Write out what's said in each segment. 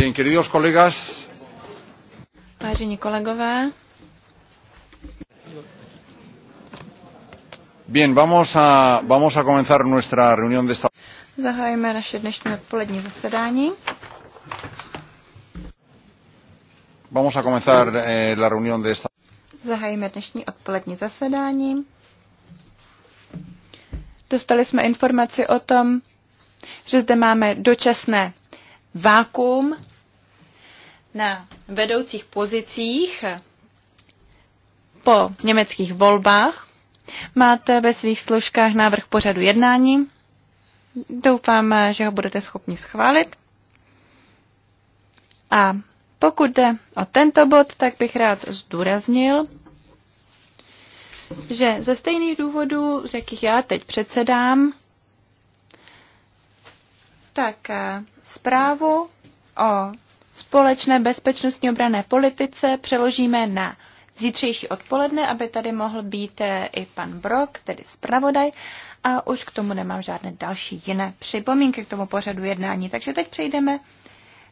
Bien, Zahájíme naše dnešní odpolední zasedání. Vamos a comenzar eh, la reunión de esta. Zahájíme dnešní odpolední zasedání. Dostali jsme informaci o tom, že zde máme dočasné vákuum na vedoucích pozicích po německých volbách. Máte ve svých složkách návrh pořadu jednání. Doufám, že ho budete schopni schválit. A pokud jde o tento bod, tak bych rád zdůraznil, že ze stejných důvodů, z jakých já teď předsedám, tak eh, zprávu o společné bezpečnostní obrané politice přeložíme na zítřejší odpoledne, aby tady mohl být eh, i pan Brok, tedy zpravodaj. A už k tomu nemám žádné další jiné připomínky k tomu pořadu jednání. Takže teď přejdeme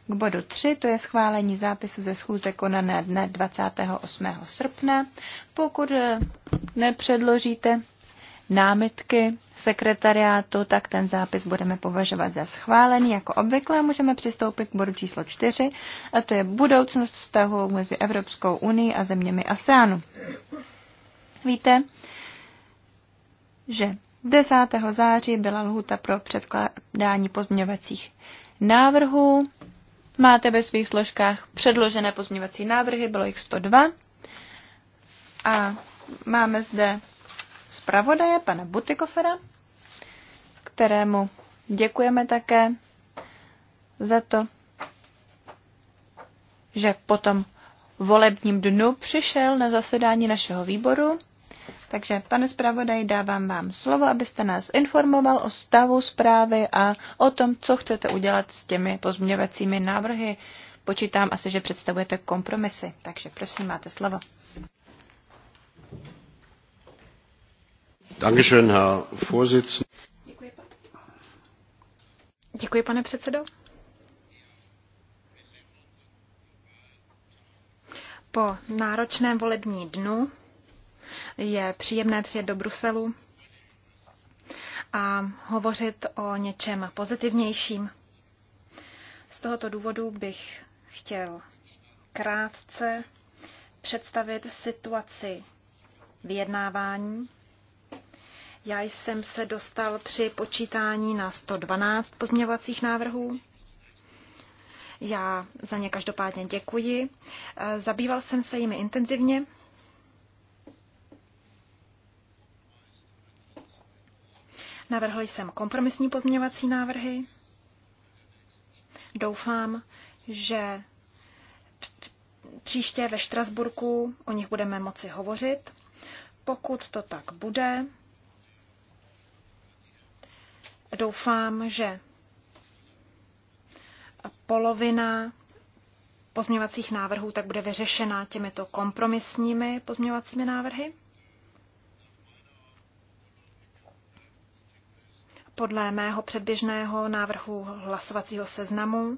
k bodu 3, to je schválení zápisu ze schůze konané dne 28. srpna. Pokud eh, nepředložíte námitky sekretariátu, tak ten zápis budeme považovat za schválený. Jako obvykle můžeme přistoupit k bodu číslo 4, a to je budoucnost vztahu mezi Evropskou unii a zeměmi ASEANu. Víte, že 10. září byla lhuta pro předkládání pozměňovacích návrhů. Máte ve svých složkách předložené pozměňovací návrhy, bylo jich 102. A máme zde zpravodaje, pana Butikofera, kterému děkujeme také za to, že po tom volebním dnu přišel na zasedání našeho výboru. Takže, pane zpravodaj, dávám vám slovo, abyste nás informoval o stavu zprávy a o tom, co chcete udělat s těmi pozměňovacími návrhy. Počítám asi, že představujete kompromisy, takže prosím, máte slovo. Děkuji, pane předsedající Po náročném volební dnu je příjemné přijet do Bruselu a hovořit o něčem pozitivnějším. Z tohoto důvodu bych chtěl krátce představit situaci vyjednávání já jsem se dostal při počítání na 112 pozměňovacích návrhů. Já za ně každopádně děkuji. Zabýval jsem se jimi intenzivně. Navrhl jsem kompromisní pozměňovací návrhy. Doufám, že příště ve Štrasburku o nich budeme moci hovořit. Pokud to tak bude, Doufám, že polovina pozměňovacích návrhů tak bude vyřešena těmito kompromisními pozměňovacími návrhy. Podle mého předběžného návrhu hlasovacího seznamu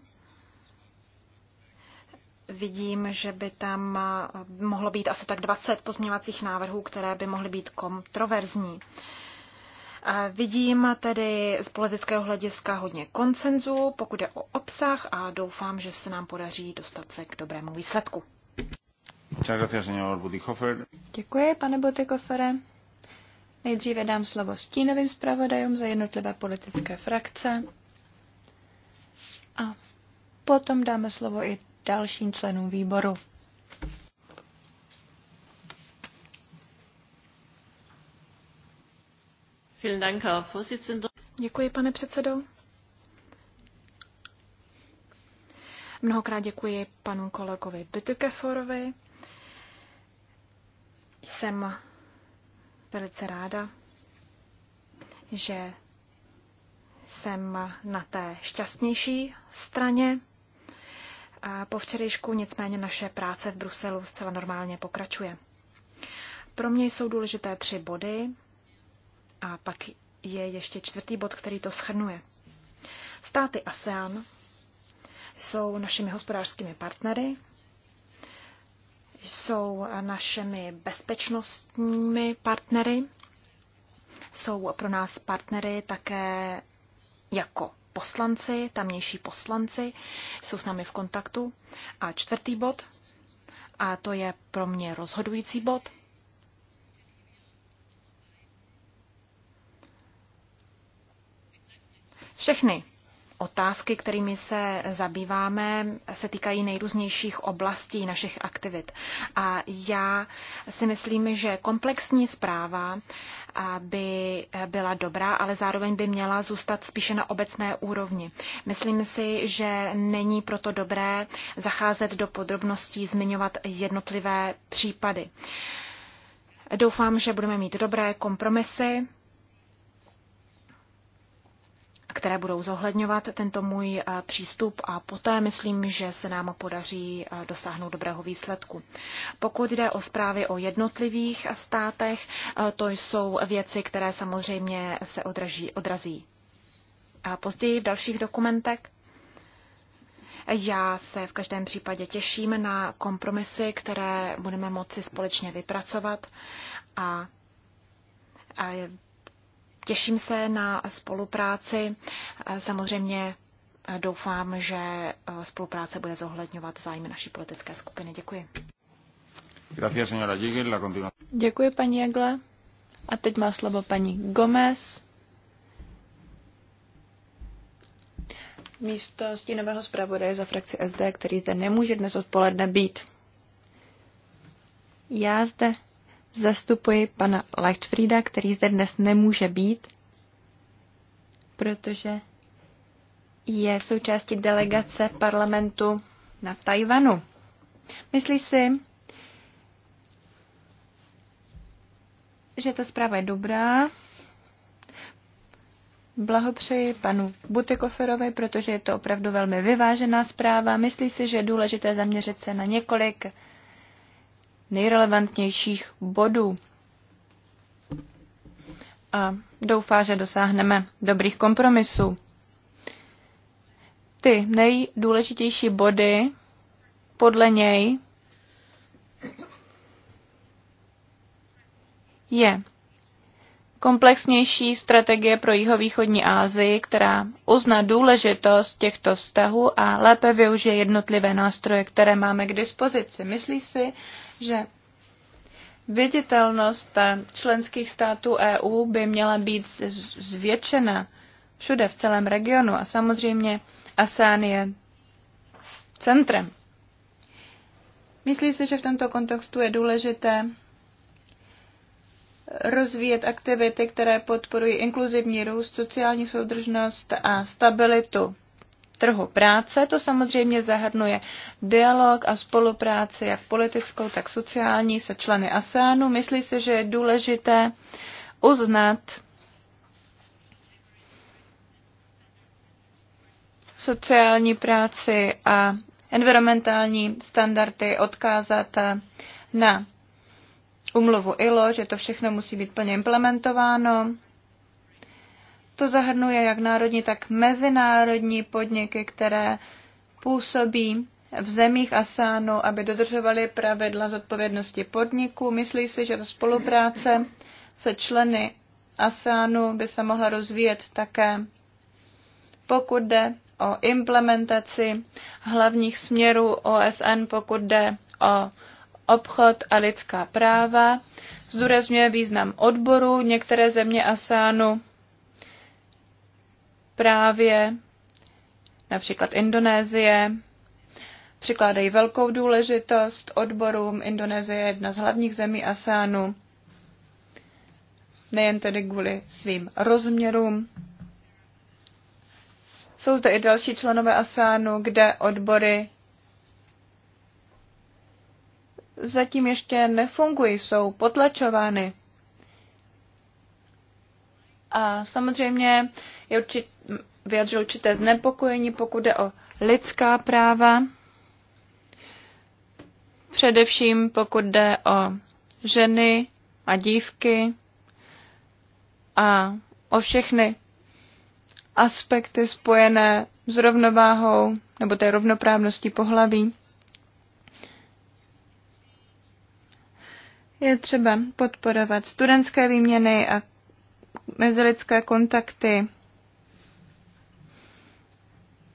vidím, že by tam eh, mohlo být asi tak 20 pozměňovacích návrhů, které by mohly být kontroverzní. Vidím tedy z politického hlediska hodně koncenzu, pokud je o obsah a doufám, že se nám podaří dostat se k dobrému výsledku. Děkuji, pane Botikofere. Nejdříve dám slovo stínovým zpravodajům za jednotlivé politické frakce a potom dáme slovo i dalším členům výboru. Děkuji, pane předsedo. Mnohokrát děkuji panu kolegovi Bytukeforovi. Jsem velice ráda, že jsem na té šťastnější straně. po včerejšku nicméně naše práce v Bruselu zcela normálně pokračuje. Pro mě jsou důležité tři body, a pak je ještě čtvrtý bod, který to schrnuje. Státy ASEAN jsou našimi hospodářskými partnery, jsou našimi bezpečnostními partnery, jsou pro nás partnery také jako poslanci, tamnější poslanci, jsou s námi v kontaktu. A čtvrtý bod, a to je pro mě rozhodující bod, Všechny otázky, kterými se zabýváme, se týkají nejrůznějších oblastí našich aktivit. A já si myslím, že komplexní zpráva by byla dobrá, ale zároveň by měla zůstat spíše na obecné úrovni. Myslím si, že není proto dobré zacházet do podrobností, zmiňovat jednotlivé případy. Doufám, že budeme mít dobré kompromisy které budou zohledňovat tento můj eh, přístup a poté myslím, že se nám podaří eh, dosáhnout dobrého výsledku. Pokud jde o zprávy o jednotlivých státech, eh, to jsou věci, které samozřejmě se odraží, odrazí a později v dalších dokumentech. Já se v každém případě těším na kompromisy, které budeme moci společně vypracovat a, a Těším se na spolupráci. Samozřejmě eh, doufám, že eh, spolupráce bude zohledňovat zájmy naší politické skupiny. Děkuji. Děkuji, paní Jagle. A teď má slovo paní Gomez. Místo stínového zpravodaje za frakci SD, který zde nemůže dnes odpoledne být. Já zde zastupuji pana Leichtfrieda, který zde dnes nemůže být, protože je součástí delegace parlamentu na Tajvanu. Myslí si, že ta zpráva je dobrá. Blahopřeji panu Butekoferovi, protože je to opravdu velmi vyvážená zpráva. Myslí si, že je důležité zaměřit se na několik nejrelevantnějších bodů a doufá, že dosáhneme dobrých kompromisů. Ty nejdůležitější body podle něj je komplexnější strategie pro jihovýchodní Asii, která uzná důležitost těchto vztahů a lépe využije jednotlivé nástroje, které máme k dispozici. Myslí si, že viditelnost členských států EU by měla být zvětšena všude v celém regionu a samozřejmě ASEAN je centrem. Myslí si, že v tomto kontextu je důležité rozvíjet aktivity, které podporují inkluzivní růst, sociální soudržnost a stabilitu trhu práce. To samozřejmě zahrnuje dialog a spolupráci jak politickou, tak sociální se členy ASEANu. Myslí se, že je důležité uznat sociální práci a environmentální standardy odkázat na umluvu ILO, že to všechno musí být plně implementováno. To zahrnuje jak národní, tak mezinárodní podniky, které působí v zemích Asánu, aby dodržovaly pravidla zodpovědnosti podniků. Myslí si, že ta spolupráce se členy ASEANu by se mohla rozvíjet také, pokud jde o implementaci hlavních směrů OSN, pokud jde o obchod a lidská práva. Zdůrazňuje význam odboru. Některé země ASEANu právě například Indonésie, přikládají velkou důležitost odborům. Indonésie je jedna z hlavních zemí ASEANu, nejen tedy kvůli svým rozměrům. Jsou zde i další členové ASEANu, kde odbory zatím ještě nefungují, jsou potlačovány. A samozřejmě je určit, vyjadřil určité znepokojení, pokud jde o lidská práva, především pokud jde o ženy a dívky a o všechny aspekty spojené s rovnováhou nebo té rovnoprávností pohlaví. Je třeba podporovat studentské výměny a mezilidské kontakty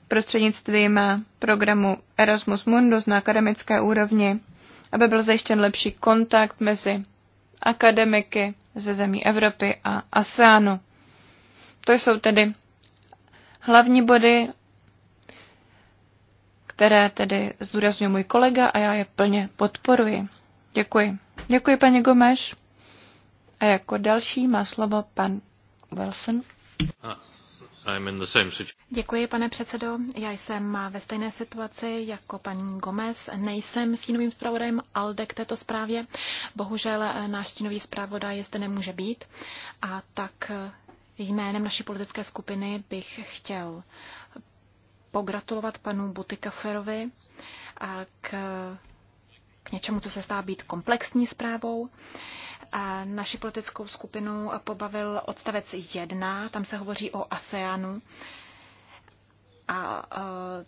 prostřednictvím programu Erasmus Mundus na akademické úrovni, aby byl zajištěn lepší kontakt mezi akademiky ze zemí Evropy a ASEANu. To jsou tedy hlavní body, které tedy zdůrazňuje můj kolega a já je plně podporuji. Děkuji. Děkuji, paní Gomeš. A jako další má slovo pan Wilson. Děkuji, pane předsedo. Já jsem ve stejné situaci jako paní Gomez. Nejsem stínovým zpravodajem ALDE k této zprávě. Bohužel náš stínový zpravodaj zde nemůže být. A tak jménem naší politické skupiny bych chtěl pogratulovat panu Butikaferovi k, k něčemu, co se stává být komplexní zprávou naši politickou skupinu pobavil odstavec 1, tam se hovoří o ASEANu. A e,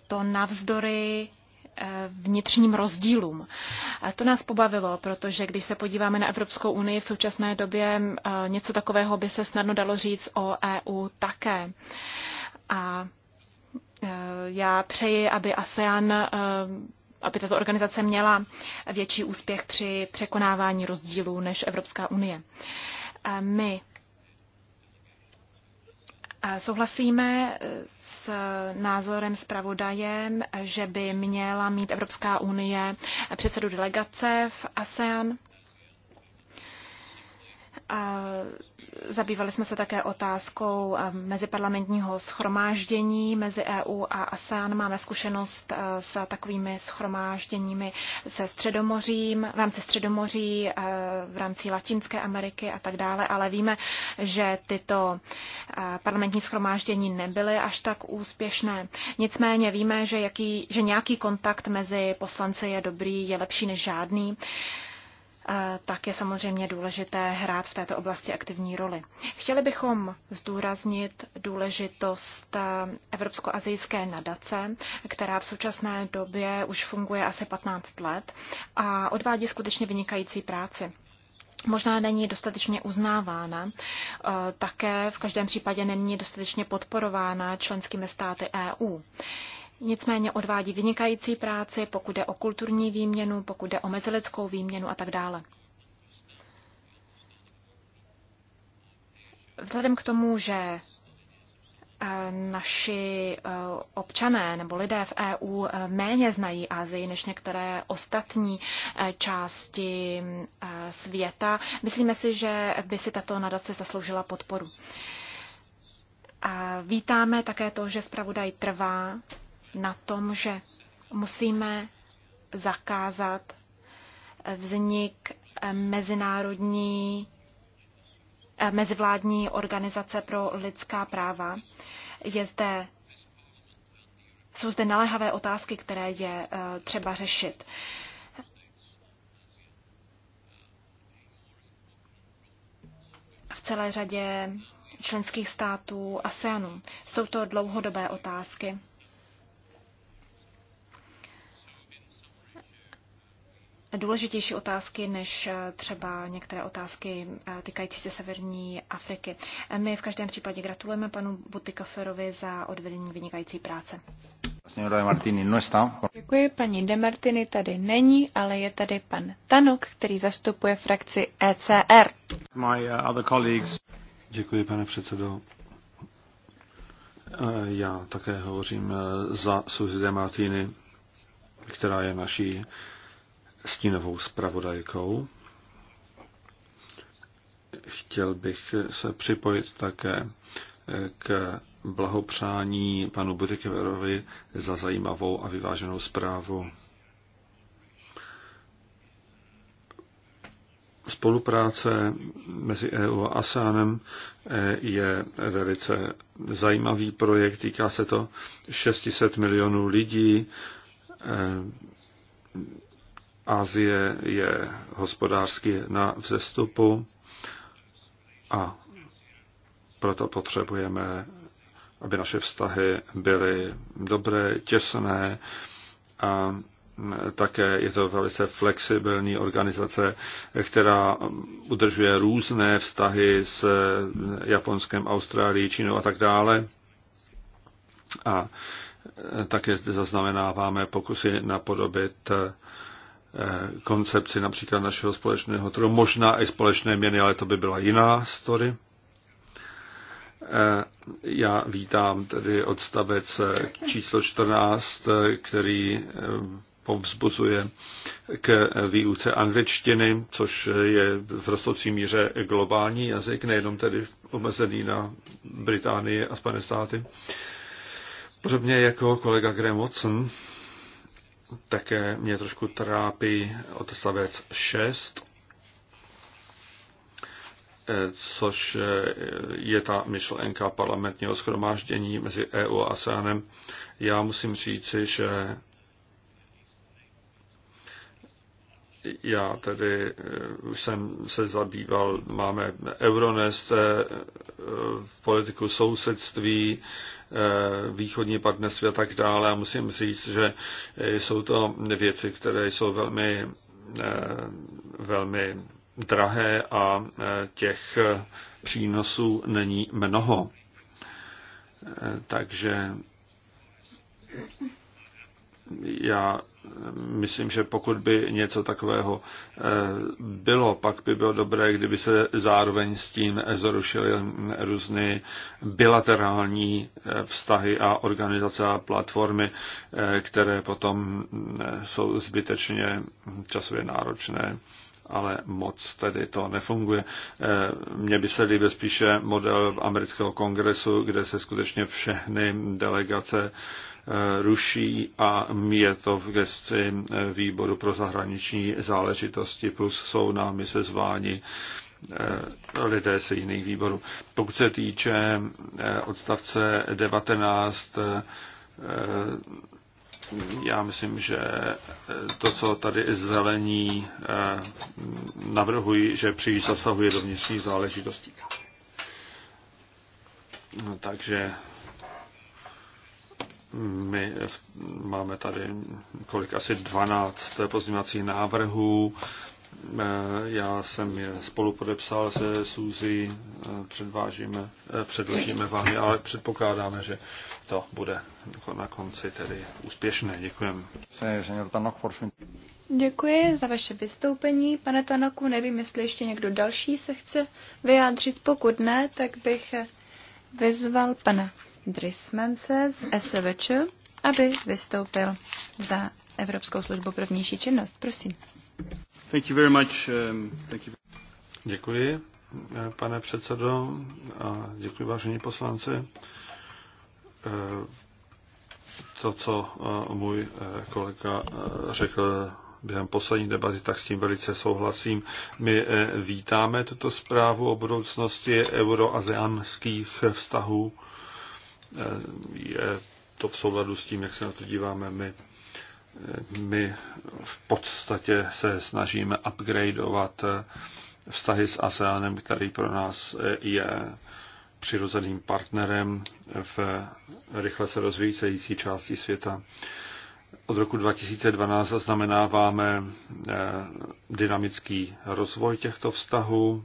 to navzdory e, vnitřním rozdílům. To nás pobavilo, protože když se podíváme na Evropskou unii v současné době, e, něco takového by se snadno dalo říct o EU také. A já přeji, aby ASEAN aby tato organizace měla větší úspěch při překonávání rozdílů než Evropská unie. My Souhlasíme e, s názorem zpravodajem, že by měla mít Evropská unie předsedu delegace v ASEAN. Zabývali jsme se také otázkou eh, meziparlamentního schromáždění mezi EU a ASEAN. Máme zkušenost eh, s takovými schromážděními se Středomořím, v rámci Středomoří, eh, v rámci Latinské Ameriky a tak dále, ale víme, že tyto parlamentní schromáždění nebyly až tak úspěšné. Nicméně víme, že, jaký, že nějaký kontakt mezi poslanci je dobrý, je lepší než žádný. Eh, tak je samozřejmě důležité hrát v této oblasti aktivní roli. Chtěli bychom zdůraznit důležitost eh, Evropsko-azijské nadace, která v současné době už funguje asi 15 let a odvádí skutečně vynikající práci možná není dostatečně uznávána. Eh, také v každém případě není dostatečně podporována členskými státy EU. Nicméně odvádí vynikající práci, pokud jde o kulturní výměnu, pokud jde o mezileckou výměnu a tak dále. Vzhledem k tomu, že eh, naši eh, občané nebo lidé v EU eh, méně znají Asii než některé ostatní části světa. Myslíme si, že by si tato nadace zasloužila podporu. A vítáme také to, že zpravodaj trvá na tom, že musíme zakázat vznik mezinárodní eh, mezivládní organizace pro lidská práva. Je zde, jsou zde naléhavé otázky, které je eh, třeba řešit. V celé řadě členských států ASEANu. Jsou to dlouhodobé otázky. důležitější otázky než eh, třeba některé otázky eh, týkající se severní Afriky. Eh, my v každém případě gratulujeme panu Butikoferovi za odvedení vynikající práce. No Děkuji, paní Demartini tady není, ale je tady pan Tanok, který zastupuje frakci ECR. My other colleagues. Děkuji, pane předsedo. Já také hovořím za Suzy Demartini, která je naší stínovou zpravodajkou. Chtěl bych se připojit také eh, k blahopřání panu Budikeverovi za zajímavou a vyváženou zprávu. Spolupráce mezi EU a ASEANem eh, je velice zajímavý projekt. Týká se to 600 milionů lidí eh, Asie je hospodářsky na vzestupu a proto potřebujeme, aby naše vztahy byly dobré, těsné a také je to velice flexibilní organizace, která udržuje různé vztahy s Japonskem, Austrálií, Čínou a tak dále. A také zde zaznamenáváme pokusy napodobit Eh, koncepci například našeho společného trhu, možná i společné měny, ale to by byla jiná story. Eh, já vítám tedy odstavec číslo 14, eh, který povzbuzuje k výuce angličtiny, což je v rostoucí míře globální jazyk, nejenom tedy omezený na Británii a Spojené státy. Podobně jako kolega Graham Watson, také mě trošku trápí odstavec 6, eh, což eh, je ta myšlenka parlamentního schromáždění mezi EU a ASEANem. Já musím říci, že já tedy eh, už jsem se zabýval, máme Euronest, eh, politiku sousedství, eh, východní partnerství a tak dále a musím říct, že jsou to věci, které jsou velmi, velmi drahé a těch přínosů není mnoho. Takže já myslím, že pokud by něco takového eh, bylo, pak by bylo dobré, kdyby se zároveň s tím zrušily různé bilaterální eh, vztahy a organizace a platformy, eh, které potom jsou zbytečně časově náročné ale moc tedy to nefunguje. Mně by se líbil spíše model amerického kongresu, kde se skutečně všechny delegace Eh, ruší a je to v gesci eh, výboru pro zahraniční záležitosti, plus jsou námi sezváni eh, lidé se jiných výborů. Pokud se týče odstavce 19, já myslím, že to, co tady zelení navrhují, že příliš zasahuje do vnitřních záležitostí. No, takže my máme tady kolik asi 12 pozměňovacích návrhů. Eh, já jsem je spolu podepsal se Suzy, eh, předvážíme, eh, předložíme vám ale předpokládáme, že to bude na konci tedy úspěšné. Děkujeme. Děkuji za vaše vystoupení. Pane Tanoku, nevím, jestli ještě někdo další se chce vyjádřit. Pokud ne, tak bych vyzval pana Drismance z SVČ, aby vystoupil za Evropskou službu pro vnější činnost. Prosím. Thank you very much. Um, thank you. Děkuji, eh, pane předsedo, a děkuji vážení poslanci. Eh, to, co eh, můj kolega řekl během poslední debaty, tak s tím velice souhlasím. My vítáme tuto zprávu o budoucnosti euroazeánských vztahů je to v souladu s tím, jak se na to díváme my. My v podstatě se snažíme upgradeovat vztahy s ASEANem, který pro nás je přirozeným partnerem v rychle se rozvíjející části světa. Od roku 2012 zaznamenáváme dynamický rozvoj těchto vztahů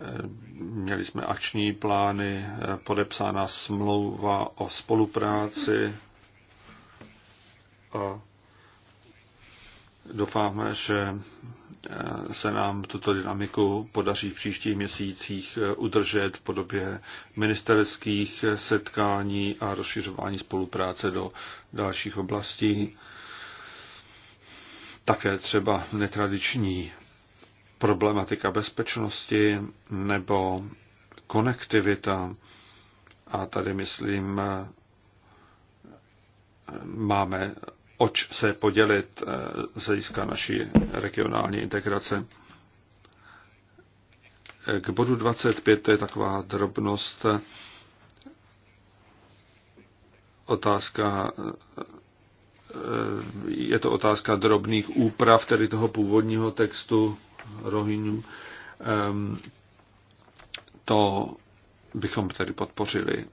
Eh, měli jsme akční plány, eh, podepsána smlouva o spolupráci a doufáme, že eh, se nám tuto dynamiku podaří v příštích měsících udržet v podobě ministerských setkání a rozšiřování spolupráce do dalších oblastí. Také třeba netradiční problematika bezpečnosti nebo konektivita. A tady, myslím, máme oč se podělit eh, z hlediska naší regionální integrace. K bodu 25 to je taková drobnost otázka eh, je to otázka drobných úprav tedy toho původního textu Rohinů, to bychom tedy podpořili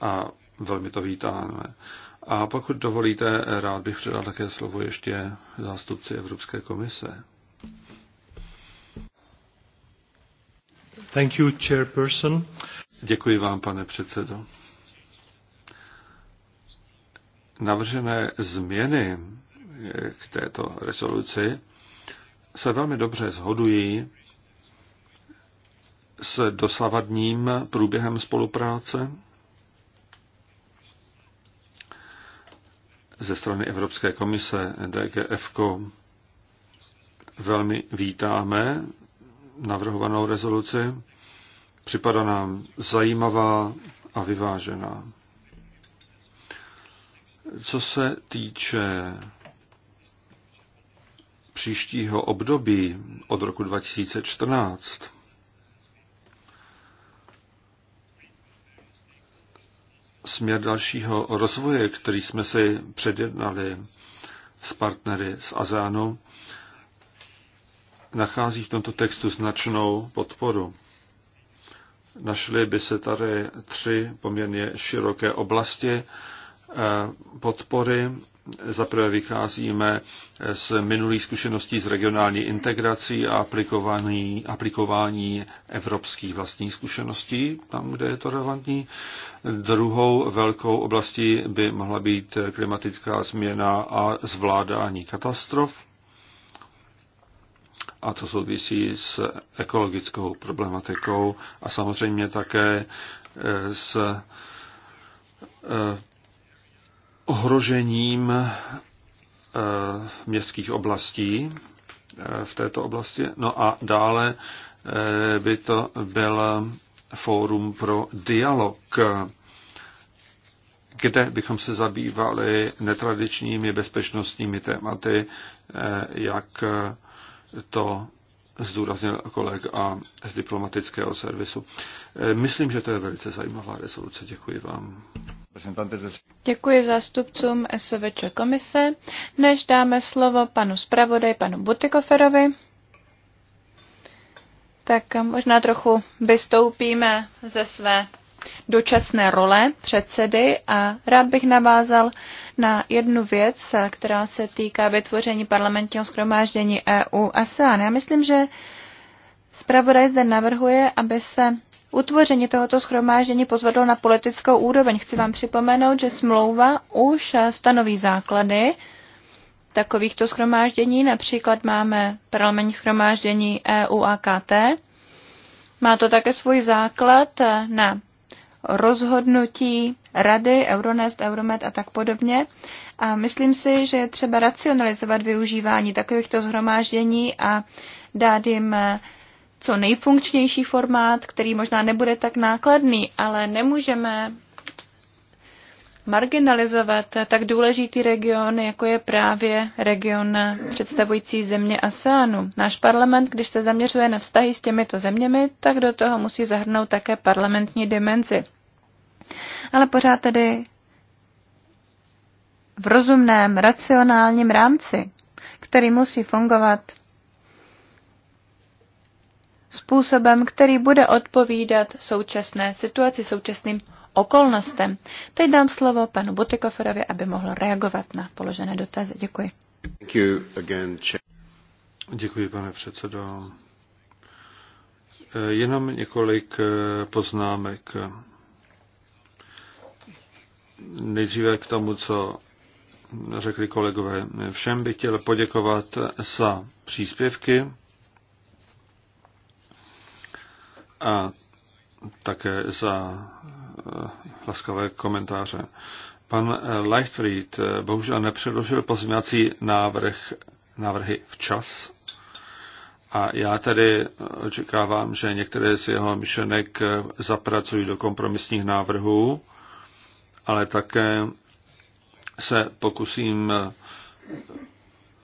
a velmi to vítáme. A pokud dovolíte, rád bych předal také slovo ještě zástupci Evropské komise. Thank you, chairperson. Děkuji vám, pane předsedo. Navržené změny k této rezoluci se velmi dobře shodují s dosavadním průběhem spolupráce ze strany Evropské komise DGFko. Velmi vítáme navrhovanou rezoluci. Připadá nám zajímavá a vyvážená. Co se týče příštího období od roku 2014 směr dalšího rozvoje, který jsme si předjednali s partnery z Azánu, nachází v tomto textu značnou podporu. Našly by se tady tři poměrně široké oblasti eh, podpory Zaprvé vycházíme z minulých zkušeností z regionální integrací a aplikování, aplikování evropských vlastních zkušeností, tam, kde je to relevantní. Druhou velkou oblastí by mohla být klimatická změna a zvládání katastrof. A to souvisí s ekologickou problematikou a samozřejmě také s eh, ohrožením eh, městských oblastí eh, v této oblasti. No a dále eh, by to byl fórum pro dialog, kde bychom se zabývali netradičními bezpečnostními tématy, jak to zdůraznil kolega z diplomatického servisu. Myslím, že to je velice zajímavá rezoluce. Děkuji vám. Děkuji zástupcům SVČ komise. Než dáme slovo panu zpravodaj, panu Butikoferovi, tak možná trochu vystoupíme ze své dočasné role předsedy a rád bych navázal na jednu věc, která se týká vytvoření parlamentního schromáždění EU ASEAN. Já myslím, že zpravodaj zde navrhuje, aby se Utvoření tohoto schromáždění pozvedlo na politickou úroveň. Chci vám připomenout, že smlouva už stanoví základy takovýchto schromáždění. Například máme parlamentní schromáždění EU a KT. Má to také svůj základ na rozhodnutí rady, Euronest, Euromed a tak podobně. A myslím si, že je třeba racionalizovat využívání takovýchto zhromáždění a dát jim co nejfunkčnější formát, který možná nebude tak nákladný, ale nemůžeme marginalizovat tak důležitý region, jako je právě region představující země ASEANu. Náš parlament, když se zaměřuje na vztahy s těmito zeměmi, tak do toho musí zahrnout také parlamentní dimenzi. Ale pořád tedy v rozumném, racionálním rámci, který musí fungovat způsobem, který bude odpovídat současné situaci, současným okolnostem. Teď dám slovo panu Butikoferovi, aby mohl reagovat na položené dotazy. Děkuji. Děkuji, pane předsedo. Jenom několik eh, poznámek. Nejdříve k tomu, co řekli kolegové. Všem bych chtěl poděkovat za příspěvky a také za eh, laskavé komentáře. Pan eh, Leichtfried eh, bohužel nepředložil pozměňovací návrh, návrhy včas a já tedy očekávám, že některé z jeho myšlenek zapracují do kompromisních návrhů, ale také se pokusím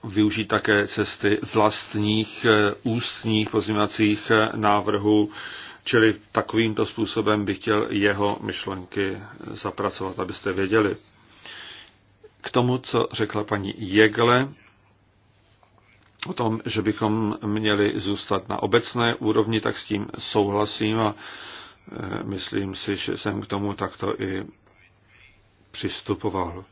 využít také cesty vlastních eh, ústních pozměňovacích eh, návrhů, čili takovýmto způsobem bych chtěl jeho myšlenky eh, zapracovat, abyste věděli. K tomu, co řekla paní Jegle, o tom, že bychom měli zůstat na obecné úrovni, tak s tím souhlasím a myslím si, že jsem k tomu takto i přistupoval.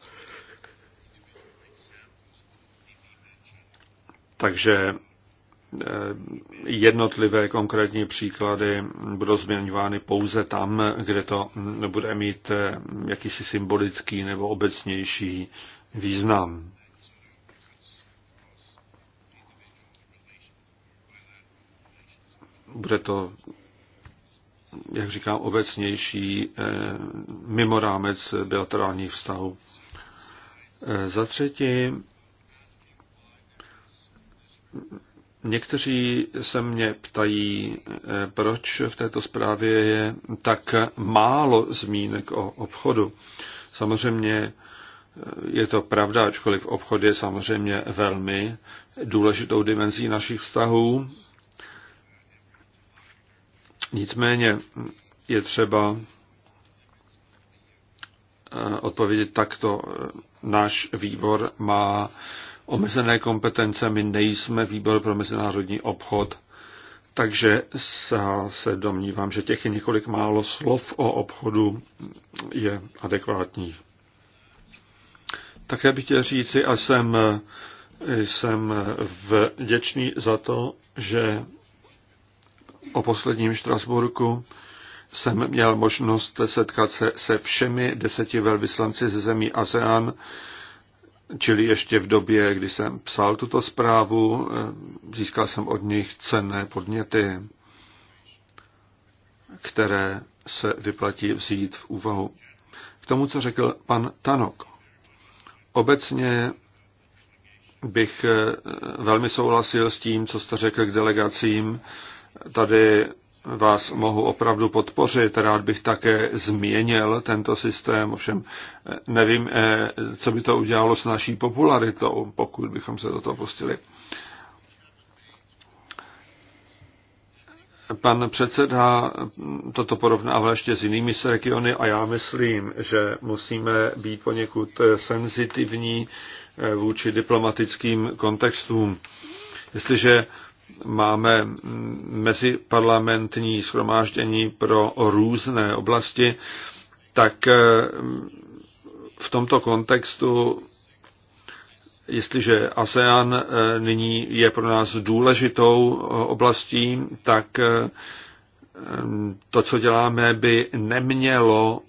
Takže eh, jednotlivé konkrétní příklady budou změňovány pouze tam, kde to hm, bude mít eh, jakýsi symbolický nebo obecnější význam. Bude to, jak říkám, obecnější eh, mimo rámec bilaterálních vztahů. Za třetí, Někteří se mě ptají, eh, proč v této zprávě je tak málo zmínek o obchodu. Samozřejmě eh, je to pravda, ačkoliv obchod je samozřejmě velmi důležitou dimenzí našich vztahů. Nicméně je třeba eh, odpovědět takto. Náš výbor má omezené kompetence. My nejsme výbor pro mezinárodní obchod, takže se domnívám, že těch několik málo slov o obchodu je adekvátní. Také bych chtěl říci, a jsem, jsem vděčný za to, že o posledním Štrasburku jsem měl možnost setkat se, se všemi deseti velvyslanci ze zemí ASEAN, Čili ještě v době, kdy jsem psal tuto zprávu, eh, získal jsem od nich cenné podněty, které se vyplatí vzít v úvahu. K tomu, co řekl pan Tanok. Obecně bych eh, velmi souhlasil s tím, co jste řekl k delegacím. Tady vás mohu opravdu podpořit. Rád bych také změnil tento systém, ovšem eh, nevím, eh, co by to udělalo s naší popularitou, pokud bychom se do toho pustili. Pan předseda toto porovnával ještě s jinými s regiony a já myslím, že musíme být poněkud eh, senzitivní vůči diplomatickým kontextům. Jestliže máme meziparlamentní schromáždění pro různé oblasti, tak eh, v tomto kontextu, jestliže ASEAN eh, nyní je pro nás důležitou eh, oblastí, tak to, co děláme, by nemělo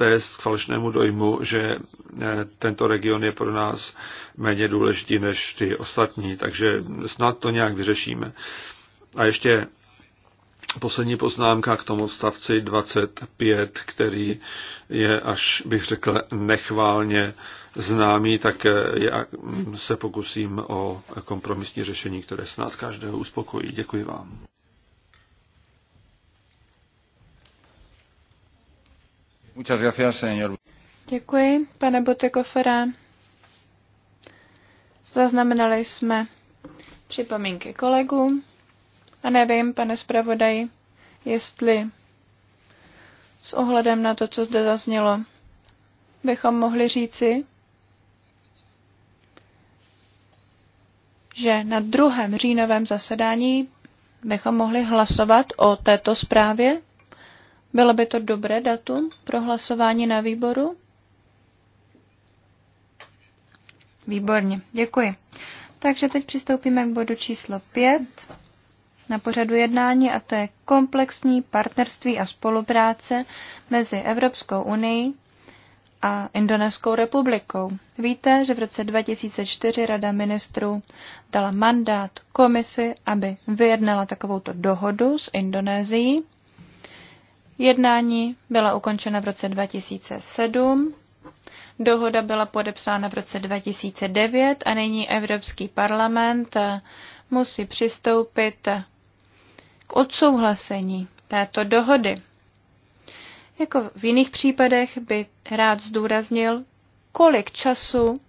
vést k falešnému dojmu, že eh, tento region je pro nás méně důležitý než ty ostatní, takže snad to nějak vyřešíme. A ještě poslední poznámka k tomu stavci 25, který je až bych řekl nechválně známý, tak eh, já se pokusím o kompromisní řešení, které snad každého uspokojí. Děkuji vám. Děkuji, pane Botekofere. Zaznamenali jsme připomínky kolegů a nevím, pane zpravodaji, jestli s ohledem na to, co zde zaznělo, bychom mohli říci, že na druhém říjnovém zasedání bychom mohli hlasovat o této zprávě bylo by to dobré datum pro hlasování na výboru? Výborně, děkuji. Takže teď přistoupíme k bodu číslo 5 na pořadu jednání a to je komplexní partnerství a spolupráce mezi Evropskou unii a Indonéskou republikou. Víte, že v roce 2004 Rada ministrů dala mandát komisi, aby vyjednala takovouto dohodu s Indonésií Jednání byla ukončena v roce 2007, dohoda byla podepsána v roce 2009 a nyní Evropský parlament musí přistoupit k odsouhlasení této dohody. Jako v jiných případech by rád zdůraznil, kolik času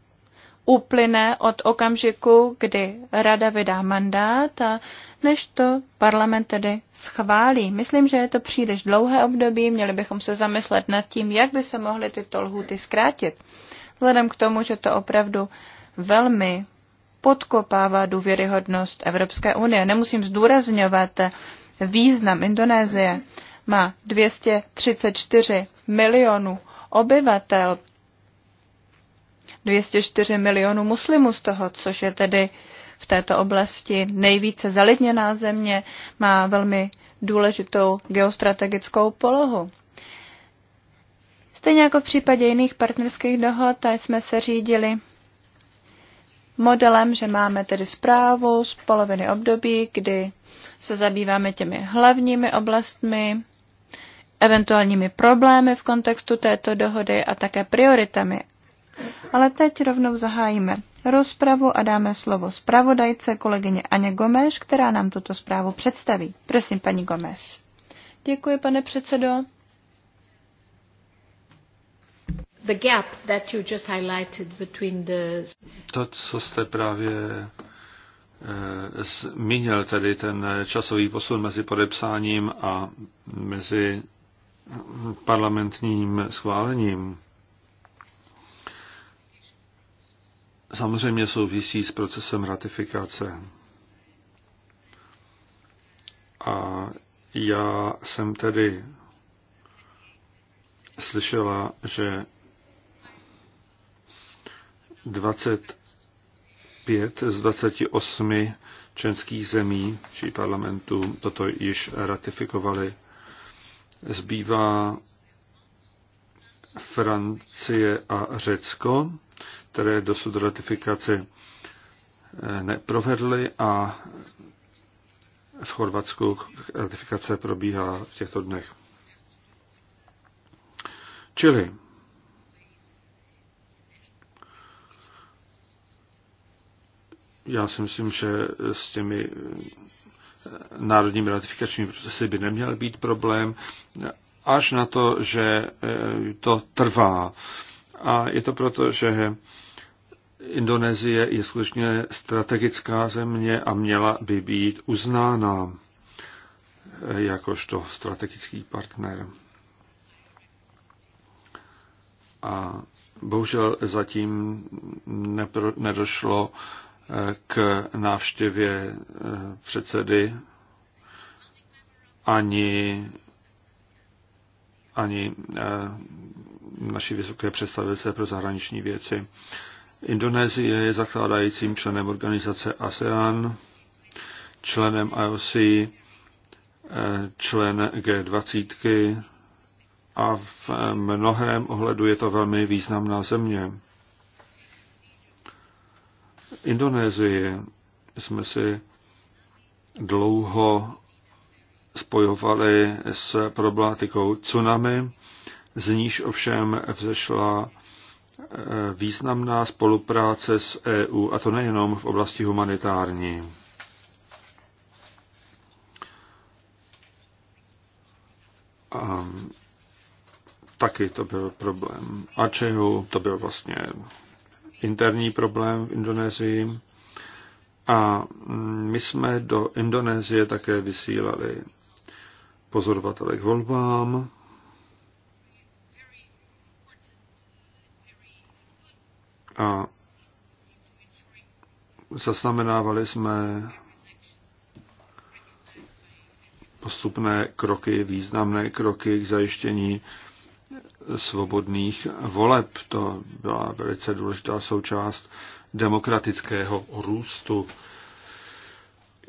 uplyne od okamžiku, kdy rada vydá mandát a než to parlament tedy schválí. Myslím, že je to příliš dlouhé období, měli bychom se zamyslet nad tím, jak by se mohly tyto lhuty zkrátit. Vzhledem k tomu, že to opravdu velmi podkopává důvěryhodnost Evropské unie. Nemusím zdůrazňovat význam Indonésie. Má 234 milionů obyvatel, 204 milionů muslimů z toho, což je tedy v této oblasti nejvíce zalidněná země, má velmi důležitou geostrategickou polohu. Stejně jako v případě jiných partnerských dohod, jsme se řídili modelem, že máme tedy zprávu z poloviny období, kdy se zabýváme těmi hlavními oblastmi, eventuálními problémy v kontextu této dohody a také prioritami. Ale teď rovnou zahájíme rozpravu a dáme slovo zpravodajce kolegyně Aně Gomeš, která nám tuto zprávu představí. Prosím, paní Gomeš. Děkuji, pane předsedo. The gap that you just highlighted between the... To, co jste právě eh, zmínil, tedy ten časový posun mezi podepsáním a mezi parlamentním schválením samozřejmě souvisí s procesem ratifikace. A já jsem tedy slyšela, že 25 z 28 členských zemí či parlamentů toto již ratifikovali. Zbývá Francie a Řecko které dosud ratifikaci eh, neprovedly a v Chorvatsku ratifikace probíhá v těchto dnech. Čili já si myslím, že s těmi eh, národními ratifikačními procesy by neměl být problém, až na to, že eh, to trvá a je to proto, že Indonésie je skutečně strategická země a měla by být uznána jakožto strategický partner. A bohužel zatím nepro, nedošlo eh, k návštěvě eh, předsedy ani, ani eh, naší vysoké představitelce pro zahraniční věci. Indonésie je zakládajícím členem organizace ASEAN, členem IOC, eh, člen G20 a v mnohém ohledu je to velmi významná země. Indonésie jsme si dlouho spojovali s problematikou tsunami z níž ovšem vzešla eh, významná spolupráce s EU, a to nejenom v oblasti humanitární. A taky to byl problém Ačehu, to byl vlastně interní problém v Indonésii. A my jsme do Indonésie také vysílali pozorovatele k volbám, Zaznamenávali jsme postupné kroky, významné kroky k zajištění svobodných voleb. To byla velice důležitá součást demokratického růstu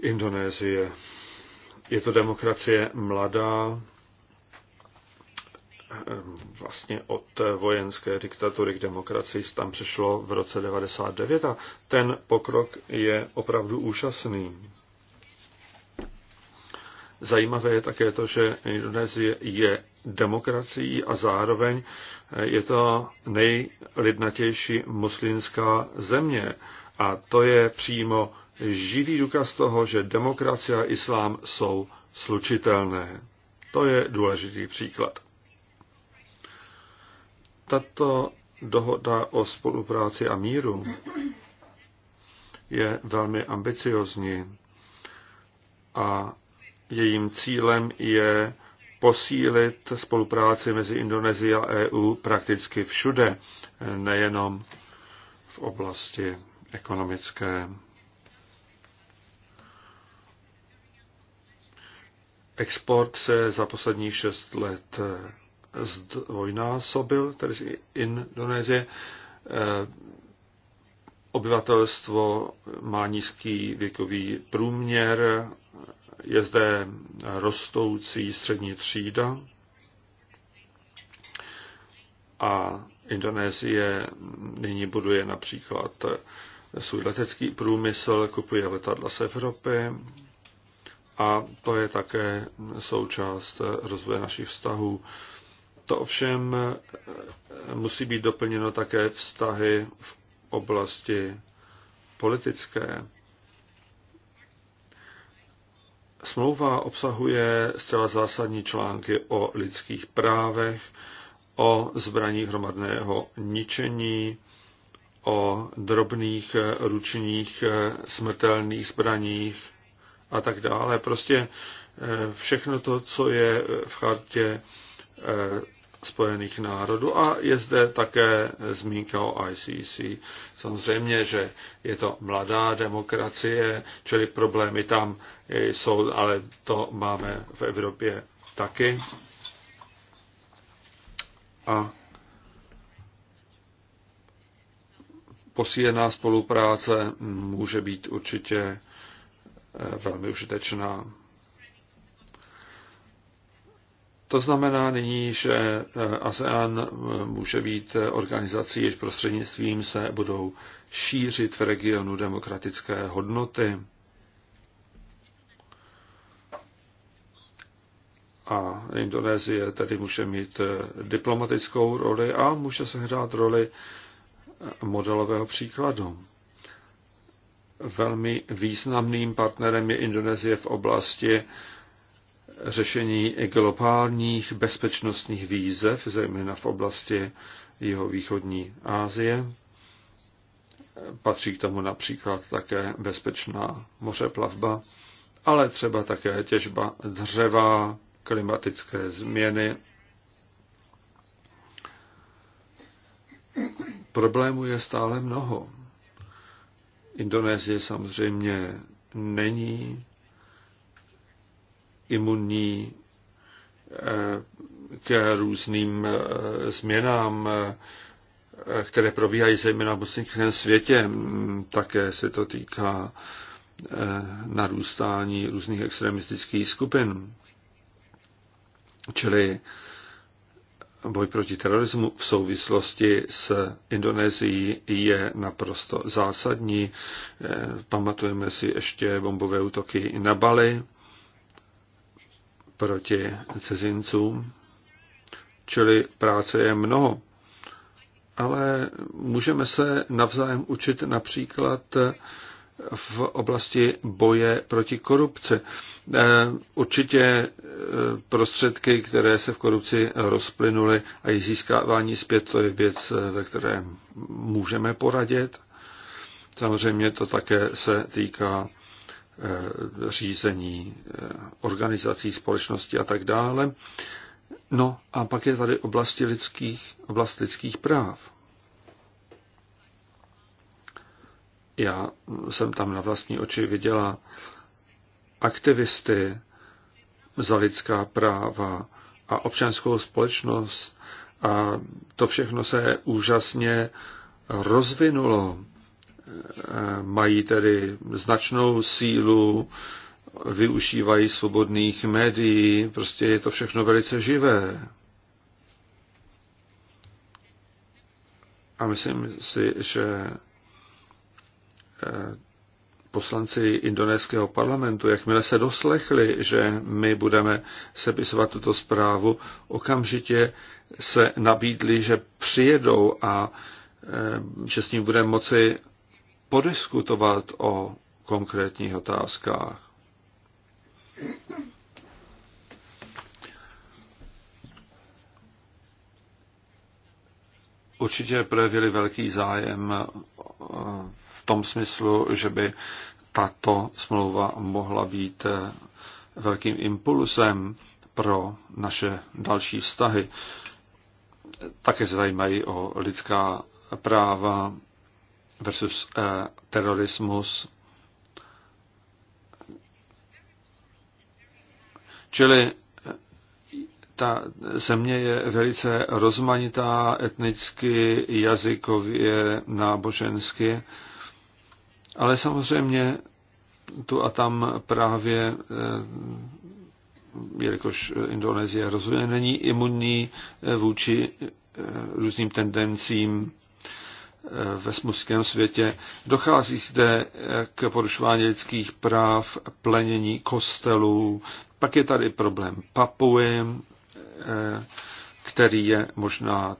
Indonésie. Je to demokracie mladá, Eh, vlastně od vojenské diktatury k demokracii tam přišlo v roce 99 a ten pokrok je opravdu úžasný. Zajímavé je také to, že Indonésie je demokracií a zároveň eh, je to nejlidnatější muslimská země. A to je přímo živý důkaz toho, že demokracie a islám jsou slučitelné. To je důležitý příklad. Tato dohoda o spolupráci a míru je velmi ambiciozní a jejím cílem je posílit spolupráci mezi Indonésií a EU prakticky všude, nejenom v oblasti ekonomické. Export se za posledních šest let zdvojnásobil, tedy Indonésie. Eh, obyvatelstvo má nízký věkový průměr, je zde rostoucí střední třída a Indonésie nyní buduje například svůj letecký průmysl, kupuje letadla z Evropy a to je také součást rozvoje našich vztahů to ovšem eh, musí být doplněno také vztahy v oblasti politické. Smlouva obsahuje zcela zásadní články o lidských právech, o zbraních hromadného ničení, o drobných eh, ručních eh, smrtelných zbraních a tak dále. Prostě všechno to, co je v chartě Eh, Spojených národů a je zde také zmínka o ICC. Samozřejmě, že je to mladá demokracie, čili problémy tam eh, jsou, ale to máme v Evropě taky. A posílená spolupráce může být určitě eh, velmi užitečná. To znamená nyní, že eh, ASEAN eh, může být eh, organizací, jež prostřednictvím se budou šířit v regionu demokratické hodnoty. A Indonésie tedy může mít diplomatickou roli a může se hrát roli modelového příkladu. Velmi významným partnerem je Indonésie v oblasti řešení globálních bezpečnostních výzev, zejména v oblasti jeho východní Asie. Patří k tomu například také bezpečná mořeplavba, ale třeba také těžba dřeva, klimatické změny. Problémů je stále mnoho. Indonésie samozřejmě není imunní eh, k různým eh, změnám, eh, které probíhají zejména v muslimském světě. Mm, také se to týká narůstání různých extremistických skupin. Čili boj proti terorismu v souvislosti s Indonésií je naprosto zásadní. Pamatujeme si ještě bombové útoky na Bali proti cizincům. Čili práce je mnoho. Ale můžeme se navzájem učit například v oblasti boje proti korupci. Eh, určitě eh, prostředky, které se v korupci rozplynuly a jejich získávání zpět, to je věc, eh, ve které můžeme poradit. Samozřejmě to také se týká Eh, řízení eh, organizací, společnosti a tak dále. No a pak je tady oblasti lidských, oblast lidských práv. Já jsem tam na vlastní oči viděla aktivisty za lidská práva a občanskou společnost a to všechno se úžasně rozvinulo mají tedy značnou sílu, využívají svobodných médií, prostě je to všechno velice živé. A myslím si, že eh, poslanci indonéského parlamentu, jakmile se doslechli, že my budeme sepisovat tuto zprávu, okamžitě se nabídli, že přijedou a eh, že s ním budeme moci podiskutovat o konkrétních otázkách. Určitě projevili velký zájem eh, v tom smyslu, že by tato smlouva mohla být eh, velkým impulsem pro naše další vztahy. Také se zajímají o lidská práva, versus eh, terorismus. Čili eh, ta země je velice rozmanitá etnicky, jazykově, nábožensky, ale samozřejmě tu a tam právě, eh, jelikož Indonésie rozhodně není imunní vůči různým tendencím ve smuském světě. Dochází zde eh, k porušování lidských práv, plenění kostelů, pak je tady problém papuji, eh, který je možná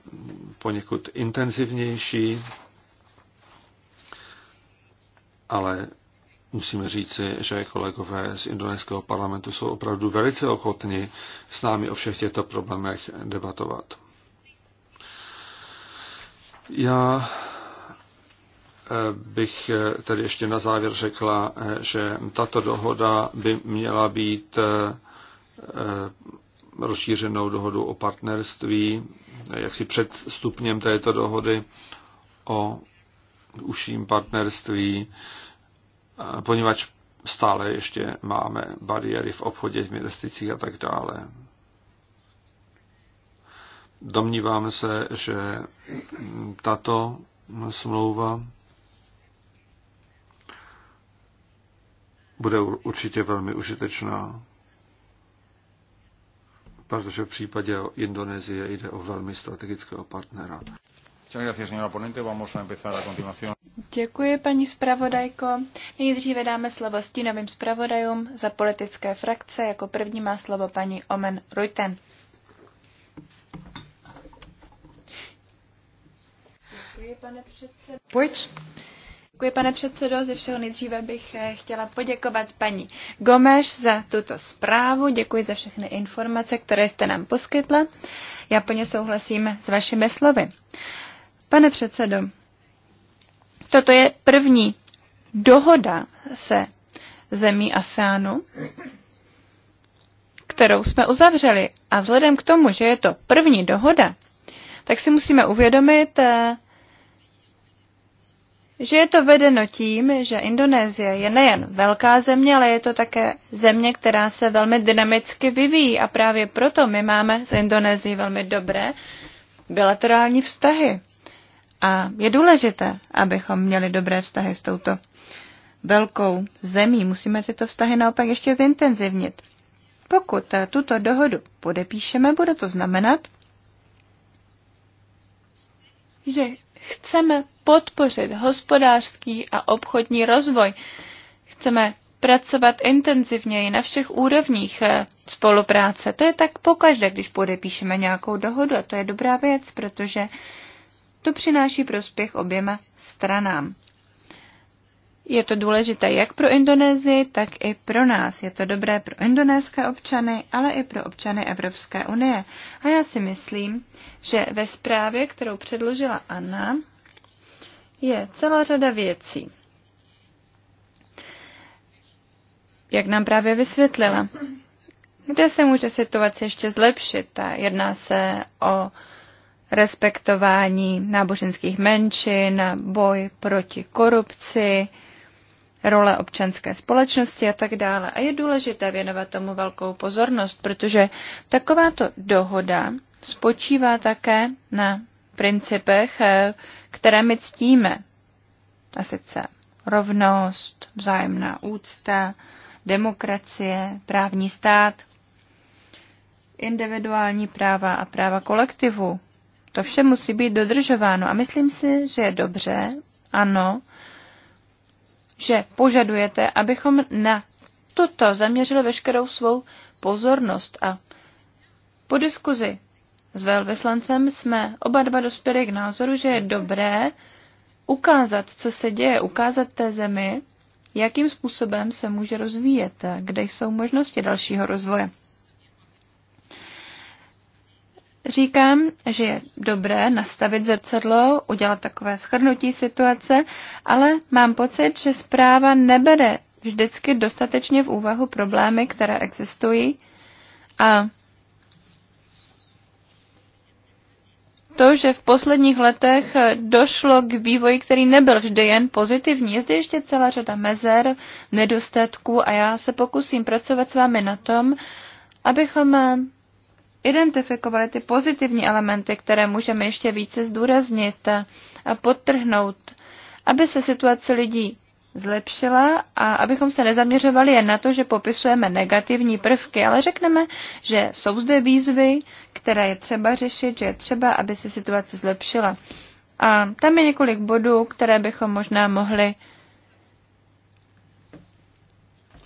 poněkud intenzivnější, ale musíme říci, že kolegové z indonéského parlamentu jsou opravdu velice ochotni s námi o všech těchto problémech debatovat. Já bych tedy ještě na závěr řekla, že tato dohoda by měla být eh, rozšířenou dohodu o partnerství, jaksi před stupněm této dohody o užším partnerství, poněvadž stále ještě máme bariéry v obchodě, v investicích a tak dále. Domnívám se, že tato smlouva bude určitě velmi užitečná, protože v případě Indonésie jde o velmi strategického partnera. Děkuji, paní zpravodajko. Nejdříve dáme slovo stínovým zpravodajům za politické frakce. Jako první má slovo paní Omen Ruiten. Děkuji, pane předsedo. Pojď. Děkuji, pane předsedo. Ze všeho nejdříve bych eh, chtěla poděkovat paní Gomeš za tuto zprávu. Děkuji za všechny informace, které jste nám poskytla. Já plně souhlasím s vašimi slovy. Pane předsedo, toto je první dohoda se zemí ASEANu, kterou jsme uzavřeli. A vzhledem k tomu, že je to první dohoda, tak si musíme uvědomit, eh, že je to vedeno tím, že Indonésie je nejen velká země, ale je to také země, která se velmi dynamicky vyvíjí a právě proto my máme s Indonésií velmi dobré bilaterální vztahy. A je důležité, abychom měli dobré vztahy s touto velkou zemí. Musíme tyto vztahy naopak ještě zintenzivnit. Pokud tuto dohodu podepíšeme, bude to znamenat, že chceme podpořit hospodářský a obchodní rozvoj. Chceme pracovat intenzivněji na všech úrovních eh, spolupráce. To je tak pokaždé, když podepíšeme nějakou dohodu a to je dobrá věc, protože to přináší prospěch oběma stranám. Je to důležité jak pro Indonésii, tak i pro nás. Je to dobré pro indonéské občany, ale i pro občany Evropské unie. A já si myslím, že ve zprávě, kterou předložila Anna, je celá řada věcí. Jak nám právě vysvětlila, kde se může situace ještě zlepšit? A jedná se o respektování náboženských menšin, boj proti korupci, role občanské společnosti a tak dále. A je důležité věnovat tomu velkou pozornost, protože takováto dohoda spočívá také na principech, eh, které my ctíme. A sice rovnost, vzájemná úcta, demokracie, právní stát, individuální práva a práva kolektivu. To vše musí být dodržováno a myslím si, že je dobře, ano, že požadujete, abychom na toto zaměřili veškerou svou pozornost. A po diskuzi s velvyslancem jsme oba dva dospěli k názoru, že je dobré ukázat, co se děje, ukázat té zemi, jakým způsobem se může rozvíjet, kde jsou možnosti dalšího rozvoje. Říkám, že je dobré nastavit zrcadlo, udělat takové schrnutí situace, ale mám pocit, že zpráva nebere vždycky dostatečně v úvahu problémy, které existují a to, že v posledních letech došlo k vývoji, který nebyl vždy jen pozitivní. Je zde ještě celá řada mezer, nedostatků a já se pokusím pracovat s vámi na tom, abychom identifikovali ty pozitivní elementy, které můžeme ještě více zdůraznit a podtrhnout, aby se situace lidí zlepšila a abychom se nezaměřovali jen na to, že popisujeme negativní prvky, ale řekneme, že jsou zde výzvy, které je třeba řešit, že je třeba, aby se situace zlepšila. A tam je několik bodů, které bychom možná mohli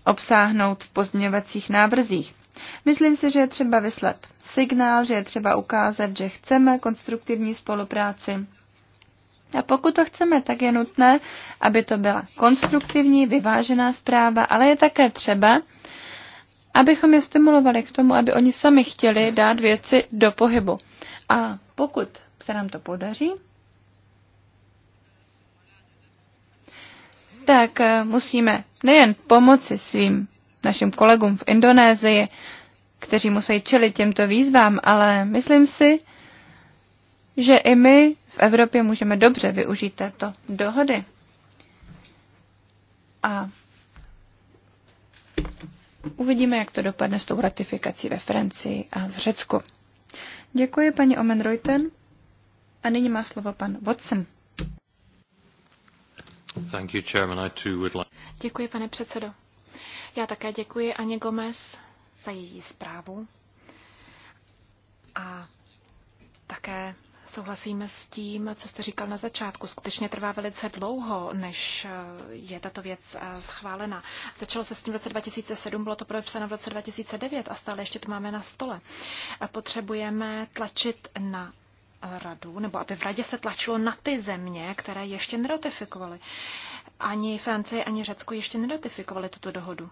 obsáhnout v pozměňovacích návrzích. Myslím si, že je třeba vyslat signál, že je třeba ukázat, že chceme konstruktivní spolupráci. A pokud to chceme, tak je nutné, aby to byla konstruktivní, vyvážená zpráva, ale je také třeba, abychom je stimulovali k tomu, aby oni sami chtěli dát věci do pohybu. A pokud se nám to podaří, tak eh, musíme nejen pomoci svým našim kolegům v Indonésii, kteří musí čelit těmto výzvám, ale myslím si, že i my v Evropě můžeme dobře využít této dohody. A uvidíme, jak to dopadne s tou ratifikací ve Francii a v Řecku. Děkuji paní Omen Reuten. A nyní má slovo pan Watson. Thank you, chairman. I too would like... Děkuji, pane předsedo. Já také děkuji Aně Gomez za její zprávu a také souhlasíme s tím, co jste říkal na začátku. Skutečně trvá velice dlouho, než eh, je tato věc eh, schválena. Začalo se s tím v roce 2007, bylo to podepsáno v roce 2009 a stále ještě to máme na stole. Potřebujeme tlačit na radu, nebo aby v radě se tlačilo na ty země, které ještě neratifikovaly. Ani Francie, ani Řecko ještě neratifikovaly tuto dohodu.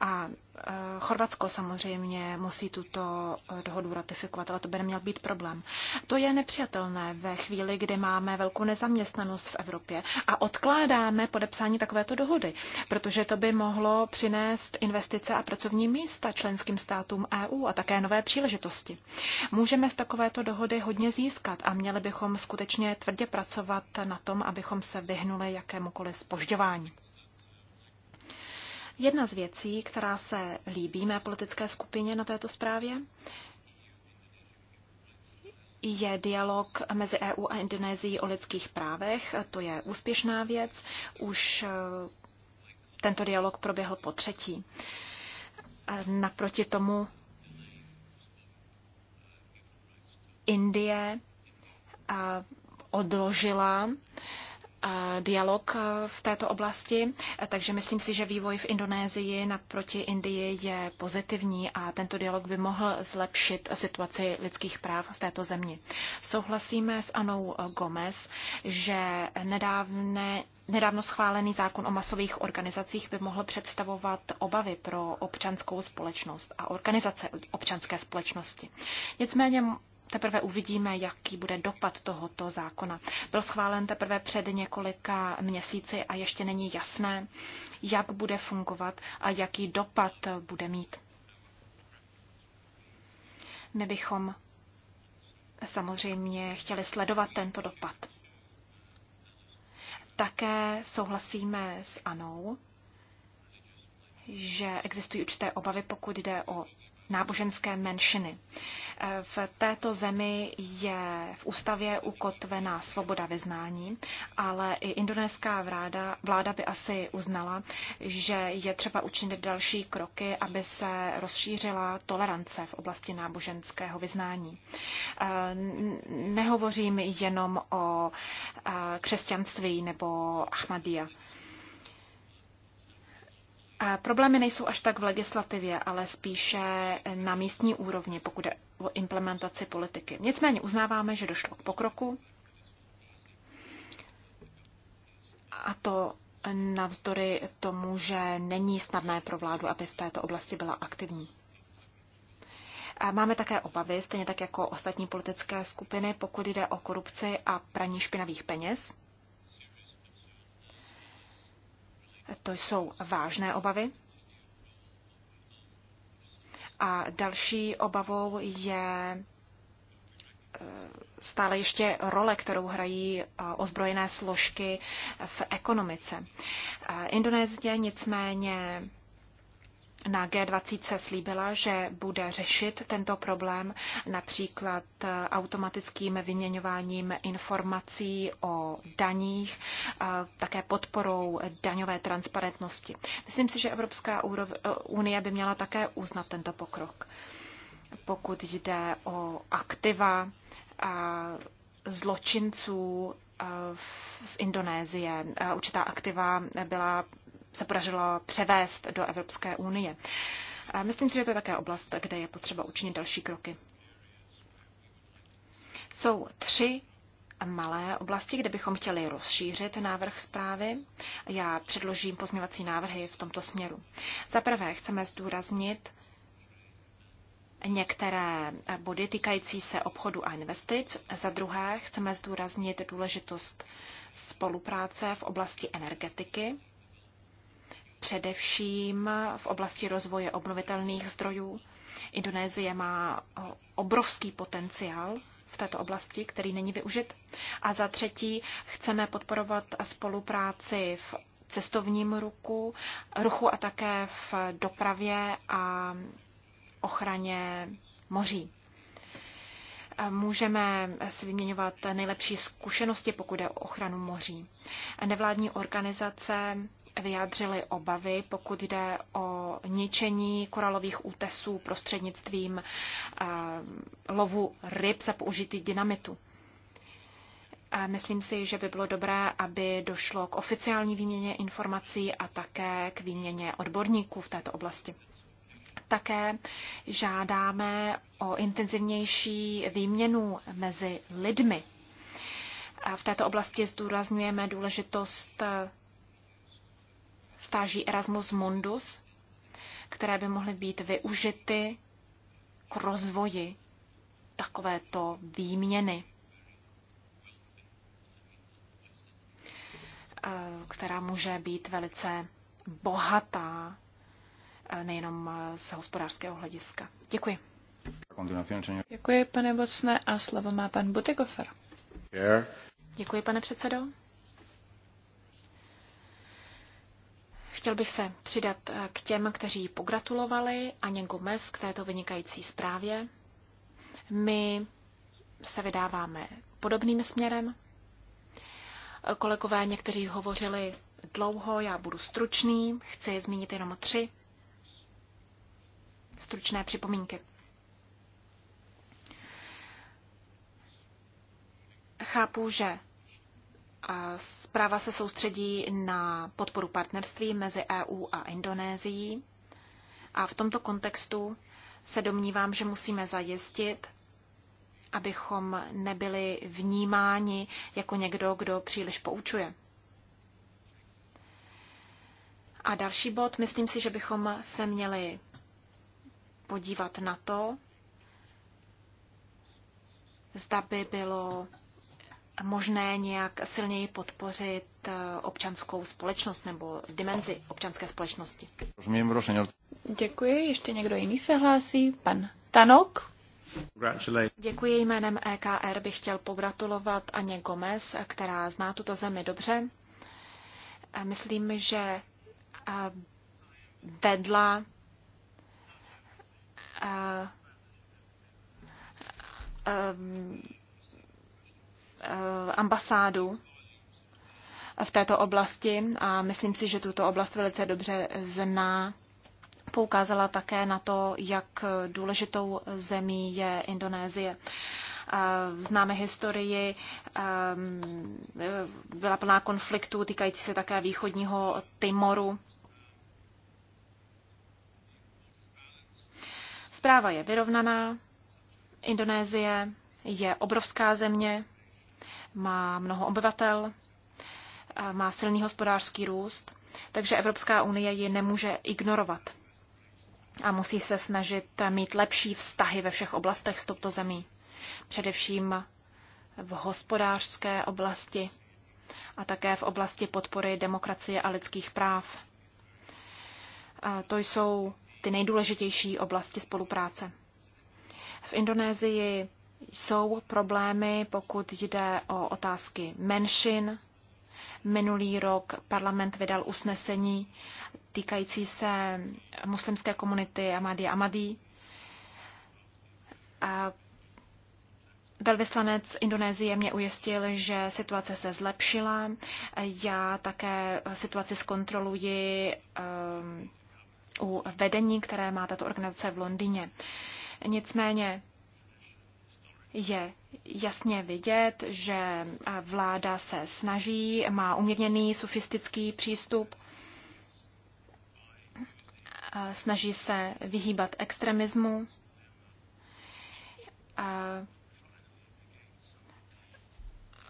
A e, Chorvatsko samozřejmě musí tuto e, dohodu ratifikovat, ale to by neměl být problém. To je nepřijatelné ve chvíli, kdy máme velkou nezaměstnanost v Evropě a odkládáme podepsání takovéto dohody, protože to by mohlo přinést investice a pracovní místa členským státům EU a také nové příležitosti. Můžeme z takovéto dohody hodně získat a měli bychom skutečně tvrdě pracovat na tom, abychom se vyhnuli jakémukoliv spožďování. Jedna z věcí, která se líbí mé politické skupině na této zprávě, je dialog mezi EU a Indonésií o lidských právech. To je úspěšná věc. Už eh, tento dialog proběhl po třetí. Eh, naproti tomu Indie eh, odložila dialog eh, v této oblasti, eh, takže myslím si, že vývoj v Indonésii naproti Indii je pozitivní a tento dialog by mohl zlepšit situaci lidských práv v této zemi. Souhlasíme s Anou eh, Gomez, že nedávné Nedávno schválený zákon o masových organizacích by mohl představovat obavy pro občanskou společnost a organizace občanské společnosti. Nicméně teprve uvidíme, jaký bude dopad tohoto zákona. Byl schválen teprve před několika měsíci a ještě není jasné, jak bude fungovat a jaký dopad bude mít. My bychom samozřejmě chtěli sledovat tento dopad. Také souhlasíme s Anou, že existují určité obavy, pokud jde o náboženské menšiny. V této zemi je v ústavě ukotvená svoboda vyznání, ale i indonéská vláda, vláda by asi uznala, že je třeba učinit další kroky, aby se rozšířila tolerance v oblasti náboženského vyznání. Eh, nehovořím jenom o eh, křesťanství nebo Ahmadiyya. Problémy nejsou až tak v legislativě, ale spíše na místní úrovni, pokud je o implementaci politiky. Nicméně uznáváme, že došlo k pokroku a to navzdory tomu, že není snadné pro vládu, aby v této oblasti byla aktivní. A máme také obavy, stejně tak jako ostatní politické skupiny, pokud jde o korupci a praní špinavých peněz. To jsou vážné obavy. A další obavou je eh, stále ještě role, kterou hrají eh, ozbrojené složky v ekonomice. Eh, Indonésie nicméně na G20 se slíbila, že bude řešit tento problém například eh, automatickým vyměňováním informací o daních, eh, také podporou daňové transparentnosti. Myslím si, že Evropská eh, unie by měla také uznat tento pokrok. Pokud jde o aktiva zločinců z Indonésie. Určitá aktiva byla se podařilo převést do Evropské unie. A myslím si, že to je také oblast, kde je potřeba učinit další kroky. Jsou tři malé oblasti, kde bychom chtěli rozšířit návrh zprávy. Já předložím pozměvací návrhy v tomto směru. Za prvé chceme zdůraznit některé body týkající se obchodu a investic. Za druhé chceme zdůraznit důležitost spolupráce v oblasti energetiky především v oblasti rozvoje obnovitelných zdrojů. Indonésie má eh, obrovský potenciál v této oblasti, který není využit. A za třetí chceme podporovat spolupráci v cestovním ruku, ruchu a také v dopravě a ochraně moří. Eh, můžeme si vyměňovat nejlepší zkušenosti, pokud je o ochranu moří. Nevládní organizace vyjádřili obavy, pokud jde o ničení koralových útesů prostřednictvím eh, lovu ryb za použitý dynamitu. A myslím si, že by bylo dobré, aby došlo k oficiální výměně informací a také k výměně odborníků v této oblasti. Také žádáme o intenzivnější výměnu mezi lidmi. A v této oblasti zdůrazňujeme důležitost stáží Erasmus Mundus, které by mohly být využity k rozvoji takovéto výměny, eh, která může být velice bohatá eh, nejenom eh, z hospodářského hlediska. Děkuji. Děkuji, pane Bocne, a slovo má pan Butegofer. Děkuji, pane předsedo. Chtěl bych se přidat eh, k těm, kteří pogratulovali Aně Gomez k této vynikající zprávě. My se vydáváme podobným směrem. Eh, Kolegové někteří hovořili dlouho, já budu stručný, chci zmínit jenom tři stručné připomínky. Chápu, že Zpráva se soustředí na podporu partnerství mezi EU a Indonésií a v tomto kontextu se domnívám, že musíme zajistit, abychom nebyli vnímáni jako někdo, kdo příliš poučuje. A další bod, myslím si, že bychom se měli podívat na to, zda by bylo možné nějak silněji podpořit eh, občanskou společnost nebo dimenzi občanské společnosti. Děkuji. Ještě někdo jiný se hlásí? Pan Tanok? Děkuji jménem EKR bych chtěl pogratulovat Aně Gomez, která zná tuto zemi dobře. Myslím, že eh, vedla um, Eh, ambasádu v této oblasti a myslím si, že tuto oblast velice dobře zná. Poukázala také na to, jak důležitou zemí je Indonésie eh, známe historii, eh, byla plná konfliktů týkající se také východního Timoru. Zpráva je vyrovnaná, Indonésie je obrovská země, má mnoho obyvatel, má silný hospodářský růst, takže Evropská unie ji nemůže ignorovat a musí se snažit mít lepší vztahy ve všech oblastech s touto zemí, především v hospodářské oblasti a také v oblasti podpory demokracie a lidských práv. A to jsou ty nejdůležitější oblasti spolupráce. V Indonésii jsou problémy, pokud jde o otázky menšin. Minulý rok parlament vydal usnesení týkající se muslimské komunity Amadi Amadi. A Velvyslanec Indonésie mě ujistil, že situace se zlepšila. Já také situaci zkontroluji um, u vedení, které má tato organizace v Londýně. Nicméně je jasně vidět, že eh, vláda se snaží, má uměrněný, sofistický přístup, eh, snaží se vyhýbat extremismu, eh,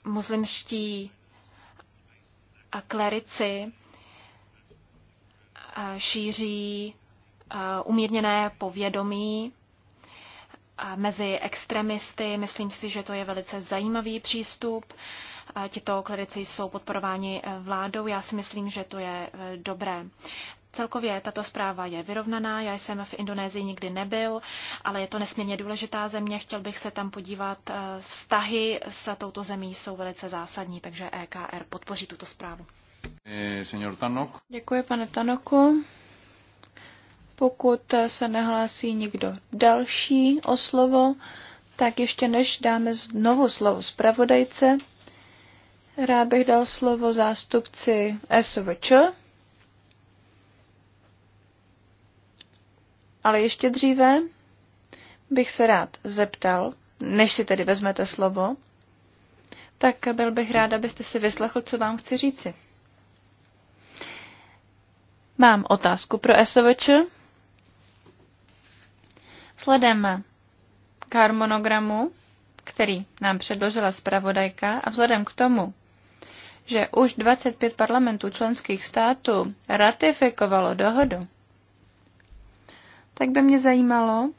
muslimští klerici šíří umírněné povědomí mezi extremisty. Myslím si, že to je velice zajímavý přístup. Tito klerici jsou podporováni eh, vládou. Já si myslím, že to je eh, dobré. Celkově tato zpráva je vyrovnaná, já jsem v Indonésii nikdy nebyl, ale je to nesmírně důležitá země, chtěl bych se tam podívat. Eh, vztahy s touto zemí jsou velice zásadní, takže EKR podpoří tuto zprávu. Děkuji, pane Tanoku. Pokud se nehlásí nikdo další o slovo, tak ještě než dáme znovu slovo zpravodajce, rád bych dal slovo zástupci SVČ. Ale ještě dříve bych se rád zeptal, než si tedy vezmete slovo, tak byl bych rád, abyste si vyslechl, co vám chci říci. Mám otázku pro SVČ. Vzhledem k harmonogramu, který nám předložila zpravodajka a vzhledem k tomu, že už 25 parlamentů členských států ratifikovalo dohodu, tak by mě zajímalo,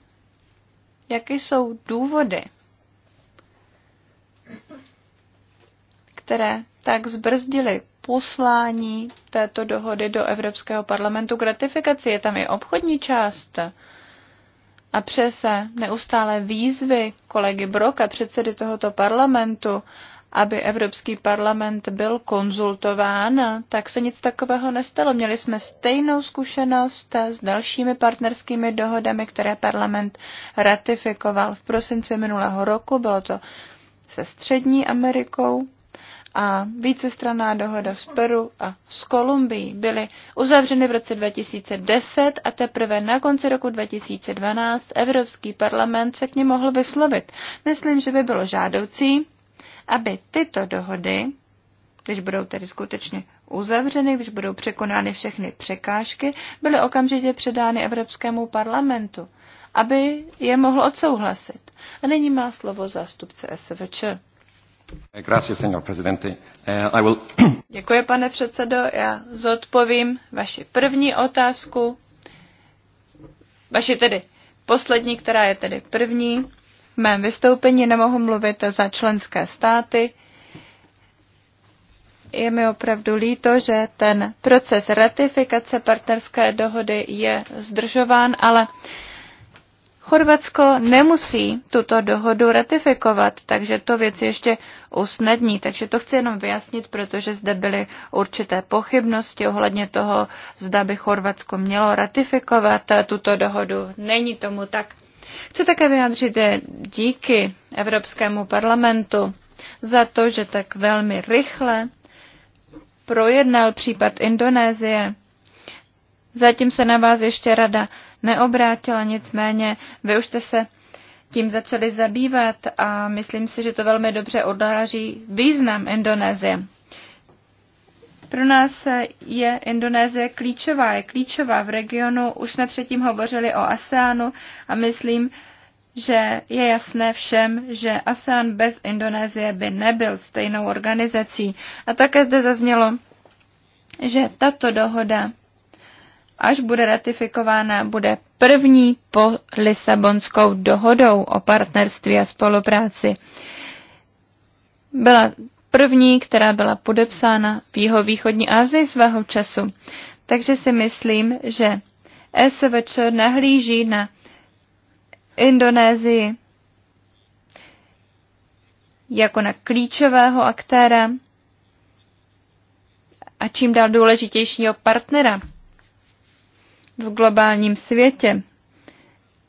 jaké jsou důvody, které tak zbrzdily poslání této dohody do Evropského parlamentu k ratifikaci. Je tam i obchodní část a přes neustále výzvy kolegy Broka, předsedy tohoto parlamentu, aby Evropský parlament byl konzultován, tak se nic takového nestalo. Měli jsme stejnou zkušenost s dalšími partnerskými dohodami, které parlament ratifikoval v prosinci minulého roku. Bylo to se Střední Amerikou a vícestraná dohoda s Peru a s Kolumbií byly uzavřeny v roce 2010 a teprve na konci roku 2012 Evropský parlament se k ně mohl vyslovit. Myslím, že by bylo žádoucí, aby tyto dohody, když budou tedy skutečně uzavřeny, když budou překonány všechny překážky, byly okamžitě předány Evropskému parlamentu, aby je mohl odsouhlasit. A nyní má slovo zástupce SVČ. Eh, Děkuji, pane předsedo. Já zodpovím vaši první otázku. Vaši tedy poslední, která je tedy první. V mém vystoupení nemohu mluvit za členské státy. Je mi opravdu líto, že ten proces ratifikace partnerské dohody je zdržován, ale Chorvatsko nemusí tuto dohodu ratifikovat, takže to věc ještě usnadní. Takže to chci jenom vyjasnit, protože zde byly určité pochybnosti ohledně toho, zda by Chorvatsko mělo ratifikovat tuto dohodu. Není tomu tak. Chci také vyjádřit díky Evropskému parlamentu za to, že tak velmi rychle projednal případ Indonésie Zatím se na vás ještě rada neobrátila, nicméně vy už jste se tím začali zabývat a myslím si, že to velmi dobře odráží význam Indonésie. Pro nás je Indonésie klíčová, je klíčová v regionu. Už jsme předtím hovořili o ASEANu a myslím, že je jasné všem, že ASEAN bez Indonésie by nebyl stejnou organizací. A také zde zaznělo, že tato dohoda až bude ratifikována, bude první po Lisabonskou dohodou o partnerství a spolupráci. Byla první, která byla podepsána v jeho východní Azii svého času. Takže si myslím, že SVČ nahlíží na Indonésii jako na klíčového aktéra a čím dál důležitějšího partnera v globálním světě.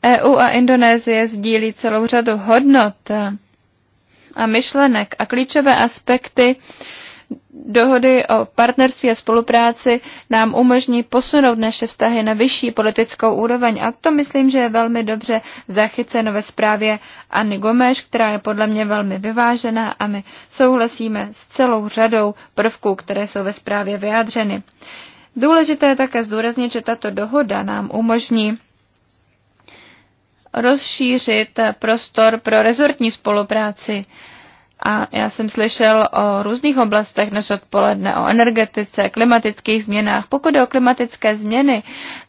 EU a Indonésie sdílí celou řadu hodnot a myšlenek a klíčové aspekty dohody o partnerství a spolupráci nám umožní posunout naše vztahy na vyšší politickou úroveň. A to myslím, že je velmi dobře zachyceno ve zprávě Anny Gomeš, která je podle mě velmi vyvážená a my souhlasíme s celou řadou prvků, které jsou ve zprávě vyjádřeny. Důležité je také zdůraznit, že tato dohoda nám umožní rozšířit prostor pro rezortní spolupráci. A já jsem slyšel o různých oblastech dnes odpoledne, o energetice, klimatických změnách. Pokud je o klimatické změny,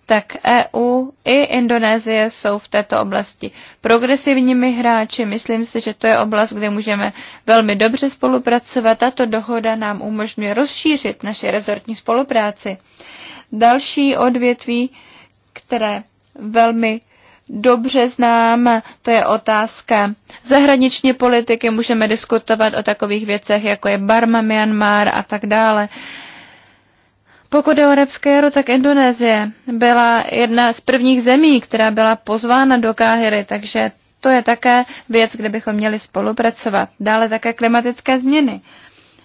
tak EU i Indonésie jsou v této oblasti progresivními hráči. Myslím si, že to je oblast, kde můžeme velmi dobře spolupracovat. Tato dohoda nám umožňuje rozšířit naši rezortní spolupráci. Další odvětví, které velmi dobře znám, to je otázka zahraniční politiky. Můžeme diskutovat o takových věcech, jako je Barma, Myanmar a tak dále. Pokud je o arabské jaro, tak Indonésie byla jedna z prvních zemí, která byla pozvána do Káhyry, takže to je také věc, kde bychom měli spolupracovat. Dále také klimatické změny.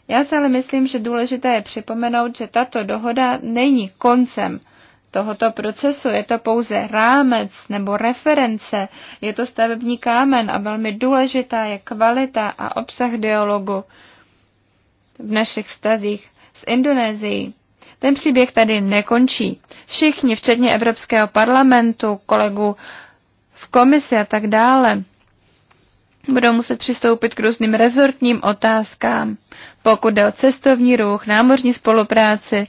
Já si ale myslím, že důležité je připomenout, že tato dohoda není koncem tohoto procesu. Je to pouze rámec nebo reference, je to stavební kámen a velmi důležitá je kvalita a obsah dialogu v našich vztazích s Indonésií. Ten příběh tady nekončí. Všichni, včetně Evropského parlamentu, kolegu v komisi a tak dále, budou muset přistoupit k různým rezortním otázkám, pokud jde o cestovní ruch, námořní spolupráci,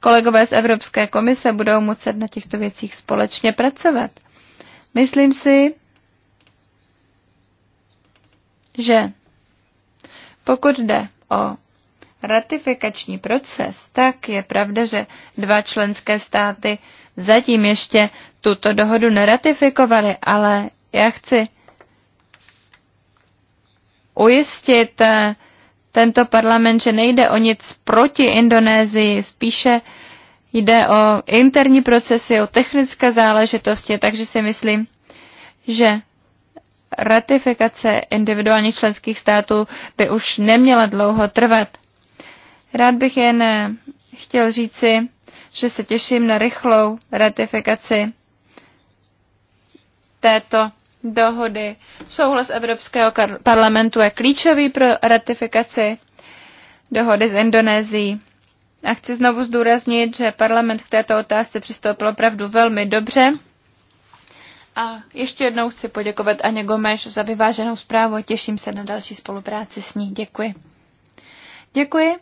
Kolegové z Evropské komise budou muset na těchto věcích společně pracovat. Myslím si, že pokud jde o ratifikační proces, tak je pravda, že dva členské státy zatím ještě tuto dohodu neratifikovaly, ale já chci ujistit eh, tento parlament, že nejde o nic proti Indonésii, spíše jde o interní procesy, o technické záležitosti, takže si myslím, že ratifikace individuálních členských států by už neměla dlouho trvat. Rád bych jen eh, chtěl říci, že se těším na rychlou ratifikaci této dohody. Souhlas Evropského parlamentu je klíčový pro ratifikaci dohody s Indonésií. A chci znovu zdůraznit, že parlament k této otázce přistoupil opravdu velmi dobře. A ještě jednou chci poděkovat Aně Gomeš za vyváženou zprávu a těším se na další spolupráci s ní. Děkuji. Děkuji.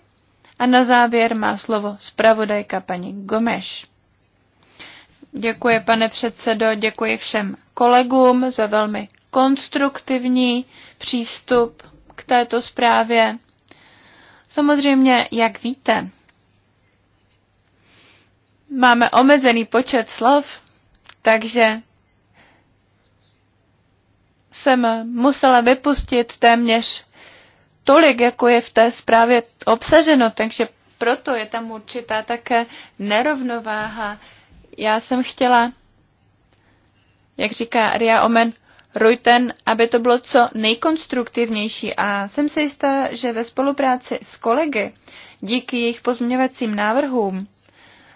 A na závěr má slovo zpravodajka paní Gomeš. Děkuji, pane předsedo, děkuji všem kolegům za velmi konstruktivní přístup k této zprávě. Samozřejmě, jak víte, máme omezený počet slov, takže jsem musela vypustit téměř tolik, jako je v té zprávě obsaženo, takže proto je tam určitá také nerovnováha. Já jsem chtěla, jak říká Ria Omen, Reuten, aby to bylo co nejkonstruktivnější a jsem si jistá, že ve spolupráci s kolegy díky jejich pozměňovacím návrhům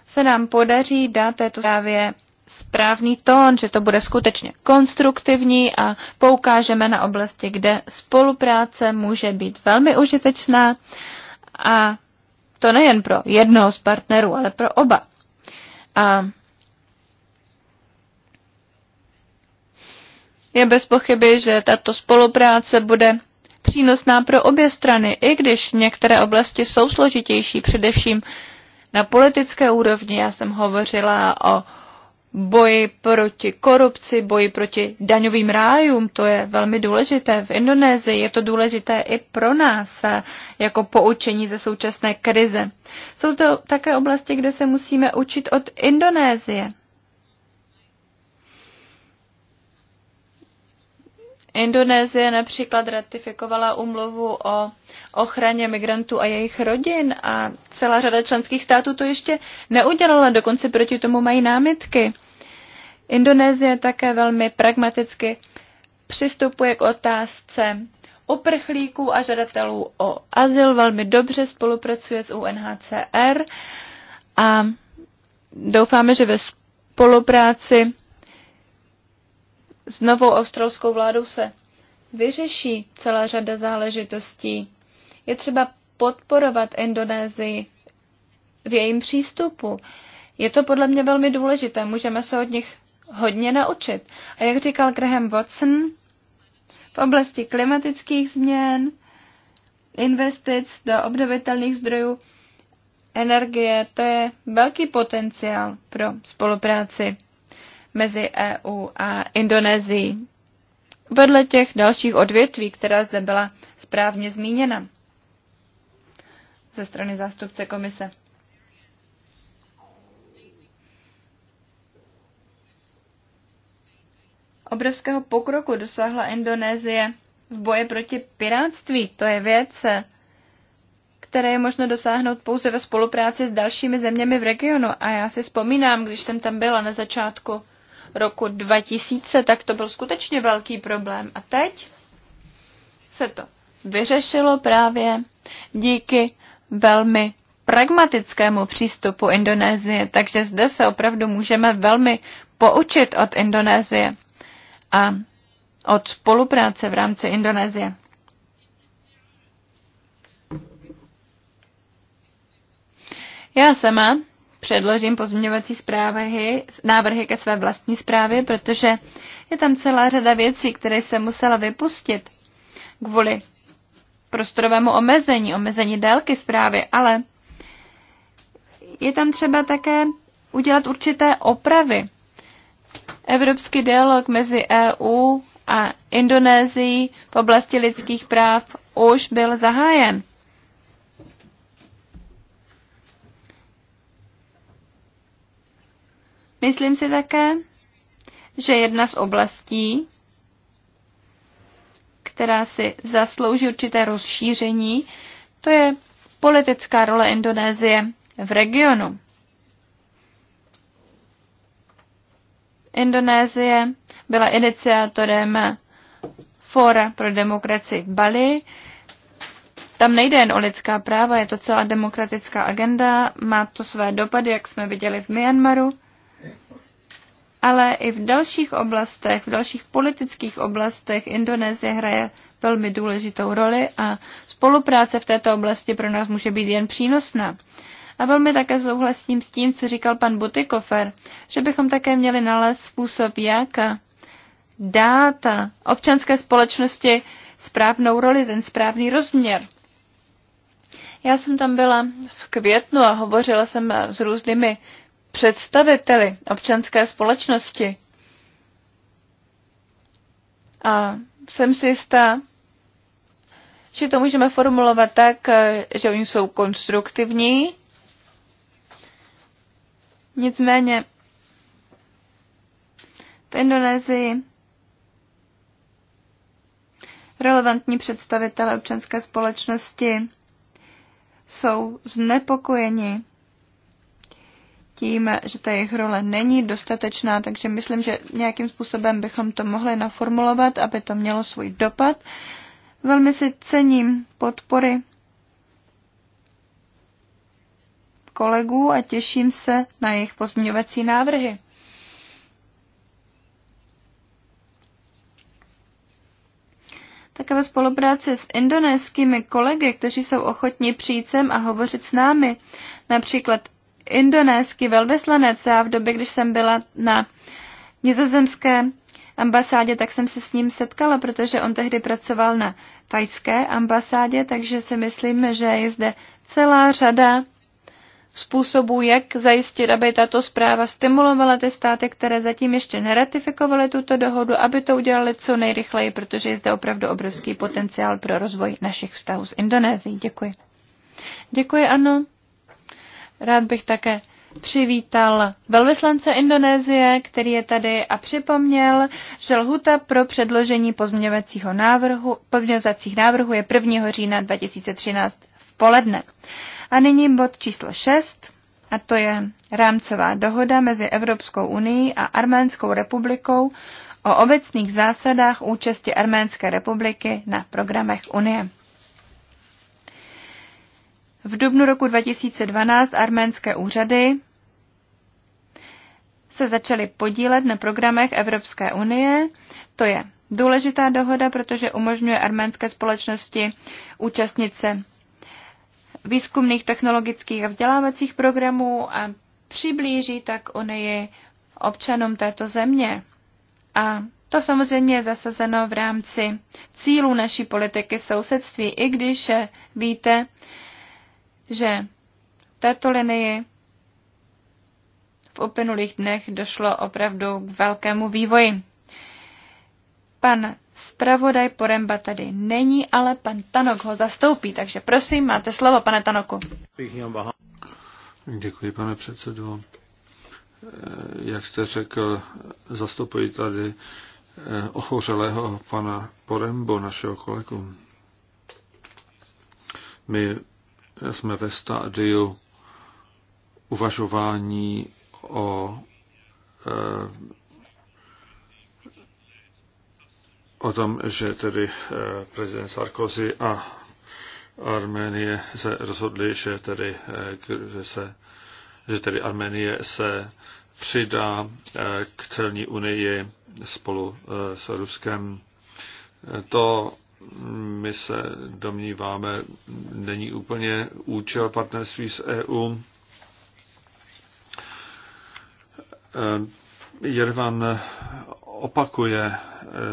se nám podaří dát této zprávě správný tón, že to bude skutečně konstruktivní a poukážeme na oblasti, kde spolupráce může být velmi užitečná a to nejen pro jednoho z partnerů, ale pro oba. A je bez pochyby, že tato spolupráce bude přínosná pro obě strany, i když některé oblasti jsou složitější, především na politické úrovni. Já jsem hovořila o boji proti korupci, boji proti daňovým rájům, to je velmi důležité v Indonésii, je to důležité i pro nás eh, jako poučení ze současné krize. Jsou zde také oblasti, kde se musíme učit od Indonésie. Indonésie například ratifikovala umluvu o ochraně migrantů a jejich rodin a celá řada členských států to ještě neudělala, dokonce proti tomu mají námitky. Indonésie také velmi pragmaticky přistupuje k otázce uprchlíků a žadatelů o azyl, velmi dobře spolupracuje s UNHCR a doufáme, že ve spolupráci s novou australskou vládou se vyřeší celá řada záležitostí. Je třeba podporovat Indonésii v jejím přístupu. Je to podle mě velmi důležité, můžeme se od nich hodně naučit. A jak říkal Graham Watson, v oblasti klimatických změn, investic do obnovitelných zdrojů energie, to je velký potenciál pro spolupráci mezi EU a Indonésií. Vedle těch dalších odvětví, která zde byla správně zmíněna ze strany zástupce komise. Obrovského pokroku dosáhla Indonésie v boji proti pirátství. To je věc, které je možno dosáhnout pouze ve spolupráci s dalšími zeměmi v regionu. A já si vzpomínám, když jsem tam byla na začátku roku 2000, tak to byl skutečně velký problém. A teď se to vyřešilo právě díky velmi pragmatickému přístupu Indonésie, takže zde se opravdu můžeme velmi poučit od Indonésie a od spolupráce v rámci Indonésie. Já sama předložím pozměňovací zprávy, návrhy ke své vlastní zprávě, protože je tam celá řada věcí, které jsem musela vypustit kvůli prostorovému omezení, omezení délky zprávy, ale je tam třeba také udělat určité opravy. Evropský dialog mezi EU a Indonésií v oblasti lidských práv už byl zahájen. Myslím si také, že jedna z oblastí, která si zaslouží určité rozšíření, to je politická role Indonésie v regionu. Indonésie byla iniciátorem Fóra pro demokracii v Bali. Tam nejde jen o lidská práva, je to celá demokratická agenda, má to své dopady, jak jsme viděli v Myanmaru ale i v dalších oblastech, v dalších politických oblastech Indonésie hraje velmi důležitou roli a spolupráce v této oblasti pro nás může být jen přínosná. A velmi také souhlasím s tím, co říkal pan Butikofer, že bychom také měli nalézt způsob, jak dát občanské společnosti správnou roli, ten správný rozměr. Já jsem tam byla v květnu a hovořila jsem s různými představiteli občanské společnosti. A jsem si jistá, že to můžeme formulovat tak, že oni jsou konstruktivní, nicméně v Indonésii relevantní představitelé občanské společnosti jsou znepokojeni tím, že ta jejich role není dostatečná, takže myslím, že nějakým způsobem bychom to mohli naformulovat, aby to mělo svůj dopad. Velmi si cením podpory kolegů a těším se na jejich pozměňovací návrhy. Také ve spolupráci s indonéskými kolegy, kteří jsou ochotní přijít sem a hovořit s námi, například indonéský velvyslanec. a v době, když jsem byla na nizozemské ambasádě, tak jsem se s ním setkala, protože on tehdy pracoval na tajské ambasádě, takže si myslím, že je zde celá řada způsobů, jak zajistit, aby tato zpráva stimulovala ty státy, které zatím ještě neratifikovaly tuto dohodu, aby to udělali co nejrychleji, protože je zde opravdu obrovský potenciál pro rozvoj našich vztahů s Indonésií. Děkuji. Děkuji, ano. Rád bych také přivítal velvyslance Indonésie, který je tady a připomněl, že lhuta pro předložení pozměňovacího návrhu, pozměňovacích návrhů je 1. října 2013 v poledne. A nyní bod číslo 6, a to je rámcová dohoda mezi Evropskou unii a Arménskou republikou o obecných zásadách účasti Arménské republiky na programech Unie. V dubnu roku 2012 arménské úřady se začaly podílet na programech Evropské unie. To je důležitá dohoda, protože umožňuje arménské společnosti účastnit se výzkumných, technologických a vzdělávacích programů a přiblíží tak Unii občanům této země. A to samozřejmě je zasazeno v rámci cílů naší politiky sousedství, i když eh, víte, že této linii v uplynulých dnech došlo opravdu k velkému vývoji. Pan zpravodaj Poremba tady není, ale pan Tanok ho zastoupí, takže prosím, máte slovo, pane Tanoku. Děkuji, pane předsedo. Eh, jak jste řekl, zastupuji tady eh, ochořelého pana Porembo, našeho kolegu. My jsme ve stádiu uvažování o, eh, o tom, že tedy eh, prezident Sarkozy a Arménie se rozhodli, že tedy, eh, že se, že tedy Arménie se přidá k celní unii spolu s Ruskem. To my se domníváme, není úplně účel partnerství s EU. Eh, Jervan opakuje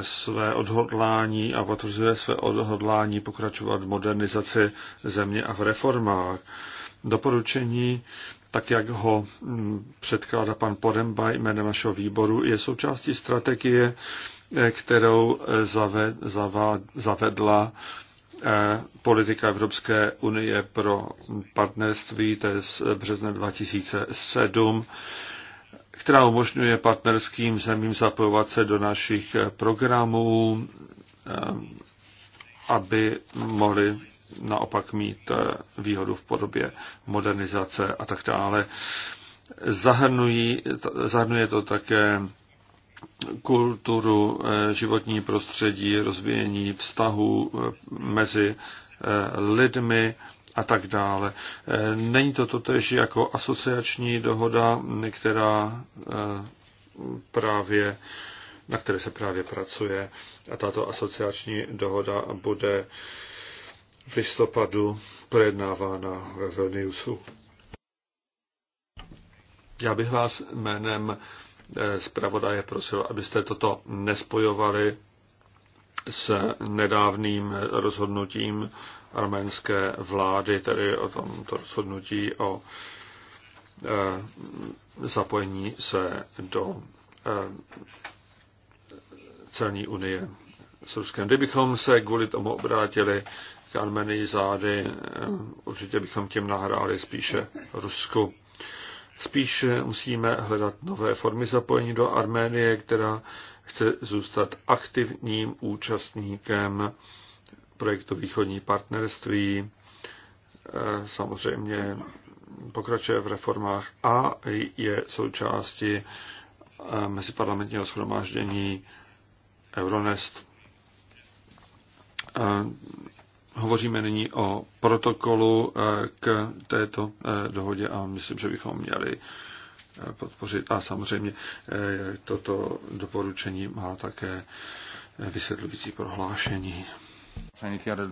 své odhodlání a potvrzuje své odhodlání pokračovat v modernizaci země a v reformách. Doporučení tak jak ho mm, předkládá pan Poremba jménem našeho výboru, je součástí strategie, eh, kterou eh, zavedla eh, politika Evropské unie pro partnerství, to je z března 2007, která umožňuje partnerským zemím zapojovat se do našich programů, aby mohli naopak mít eh, výhodu v podobě modernizace a tak dále. Zahrnují, zahrnuje to také kulturu, eh, životní prostředí, rozvíjení vztahů eh, mezi lidmi a tak dále. Není to totež jako asociační dohoda, která právě, na které se právě pracuje a tato asociační dohoda bude v listopadu projednávána ve Vilniusu. Já bych vás jménem eh, zpravodaje prosil, abyste toto nespojovali s nedávným rozhodnutím arménské vlády, tedy o tomto rozhodnutí o eh, zapojení se do eh, celní unie s Ruskem. Kdybychom se kvůli tomu obrátili Armenii zády. Eh, určitě bychom tím nahráli spíše Rusku. Spíše musíme hledat nové formy zapojení do Arménie, která chce zůstat aktivním účastníkem projektu Východní partnerství. Eh, samozřejmě pokračuje v reformách a je součástí eh, meziparlamentního schromáždění Euronest. Hovoříme nyní o protokolu eh, k této eh, dohodě a myslím, že bychom měli eh, podpořit. A samozřejmě toto doporučení má také vysvětlující prohlášení.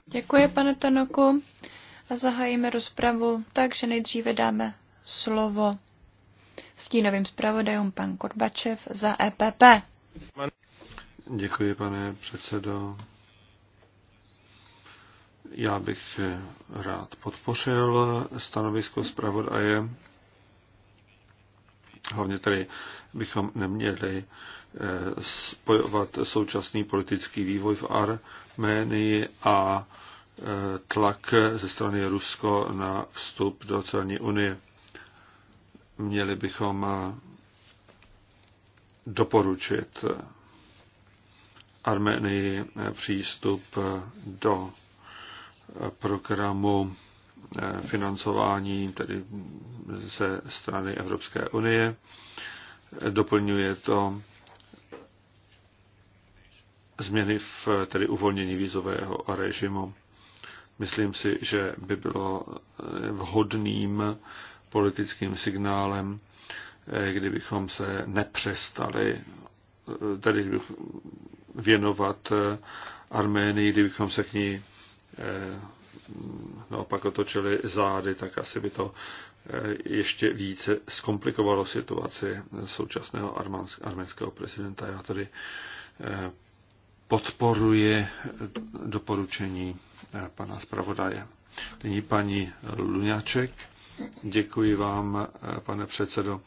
Děkuji, pane Tanoku. A zahájíme rozpravu takže nejdříve dáme slovo stínovým zpravodajům pan Korbačev za EPP. Děkuji, pane předsedo. Já bych rád podpořil stanovisko zpravodaje. Hlavně tady bychom neměli eh, spojovat současný politický vývoj v Arménii a eh, tlak ze strany Rusko na vstup do celní unie. Měli bychom eh, doporučit Arménii přístup do programu eh, financování tedy ze strany Evropské unie. Doplňuje to změny v tedy uvolnění vízového režimu. Myslím si, že by bylo eh, vhodným politickým signálem, eh, kdybychom se nepřestali tedy věnovat Arménii, kdybychom se k ní Eh, naopak otočili zády, tak asi by to eh, ještě více zkomplikovalo situaci současného arménského prezidenta. Já tady eh, podporuji doporučení pana zpravodaje. Nyní paní Luňaček. Děkuji vám, pane předsedo.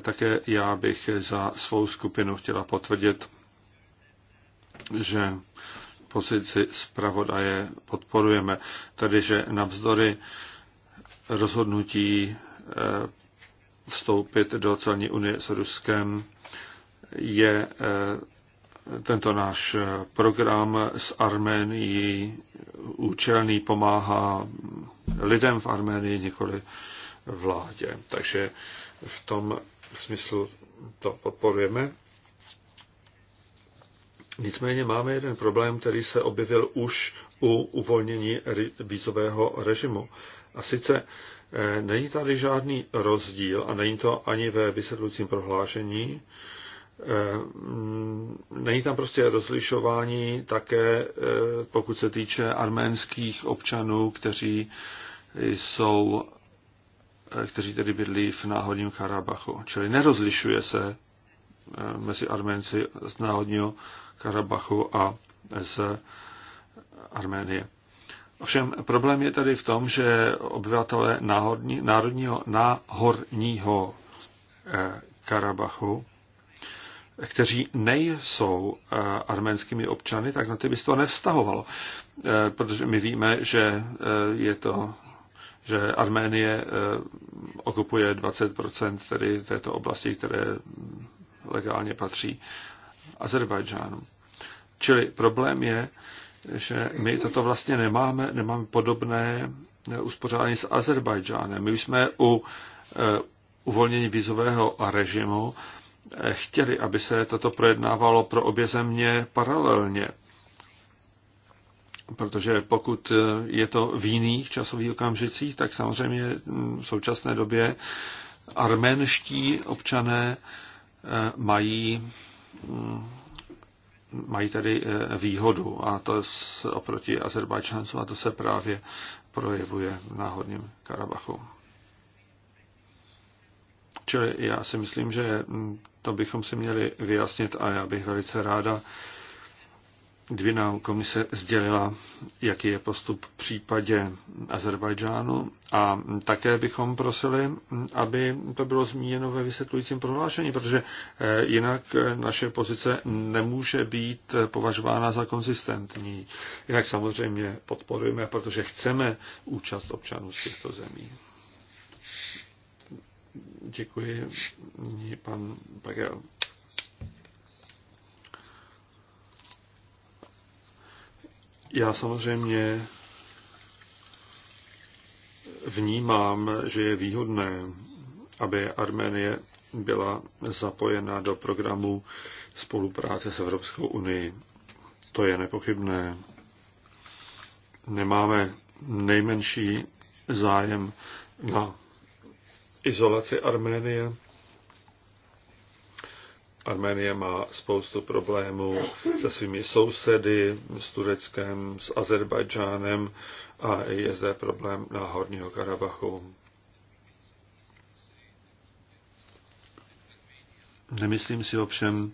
Také já bych za svou skupinu chtěla potvrdit, že pozici zpravodaje podporujeme. Tedy, že navzdory rozhodnutí eh, vstoupit do celní unie s Ruskem je eh, tento náš eh, program s Arménií účelný pomáhá lidem v Arménii, nikoli vládě. Takže v tom smyslu to podporujeme. Nicméně máme jeden problém, který se objevil už u uvolnění vízového režimu. A sice eh, není tady žádný rozdíl, a není to ani ve vysvětlujícím prohlášení, eh, není tam prostě rozlišování také, eh, pokud se týče arménských občanů, kteří jsou kteří tedy bydlí v náhodním Karabachu. Čili nerozlišuje se Eh, mezi Arménci z Náhodního Karabachu a z Arménie. Ovšem problém je tady v tom, že obyvatelé náhodní, národního, náhorního eh, Karabachu, kteří nejsou eh, arménskými občany, tak na ty by se to nevztahovalo. Protože my víme, že je to že Arménie okupuje 20 tedy této oblasti, které legálně patří Azerbajdžánu. Čili problém je, že my toto vlastně nemáme, nemáme podobné uspořádání s Azerbajdžánem. My jsme u eh, uvolnění vízového režimu eh, chtěli, aby se toto projednávalo pro obě země paralelně. Protože pokud eh, je to v jiných časových okamžicích, tak samozřejmě hm, v současné době arménští občané Eh, mají, mm, mají tady eh, výhodu a to je oproti Azerbajdžáncům a to se právě projevuje v náhodním Karabachu. Čili já si myslím, že mm, to bychom si měli vyjasnit a já bych velice ráda kdy nám komise sdělila, jaký je postup v případě Azerbajdžánu a také bychom prosili, aby to bylo zmíněno ve vysvětlujícím prohlášení, protože eh, jinak eh, naše pozice nemůže být eh, považována za konzistentní. Jinak samozřejmě podporujeme, protože chceme účast občanů z těchto zemí. Děkuji, pan Pagel. Já samozřejmě vnímám, že je výhodné, aby Arménie byla zapojena do programu spolupráce s Evropskou unii. To je nepochybné. Nemáme nejmenší zájem na izolaci Arménie Arménie má spoustu problémů se svými sousedy, s Tureckem, s Azerbajdžánem a je zde problém na Horního Karabachu. Nemyslím si ovšem,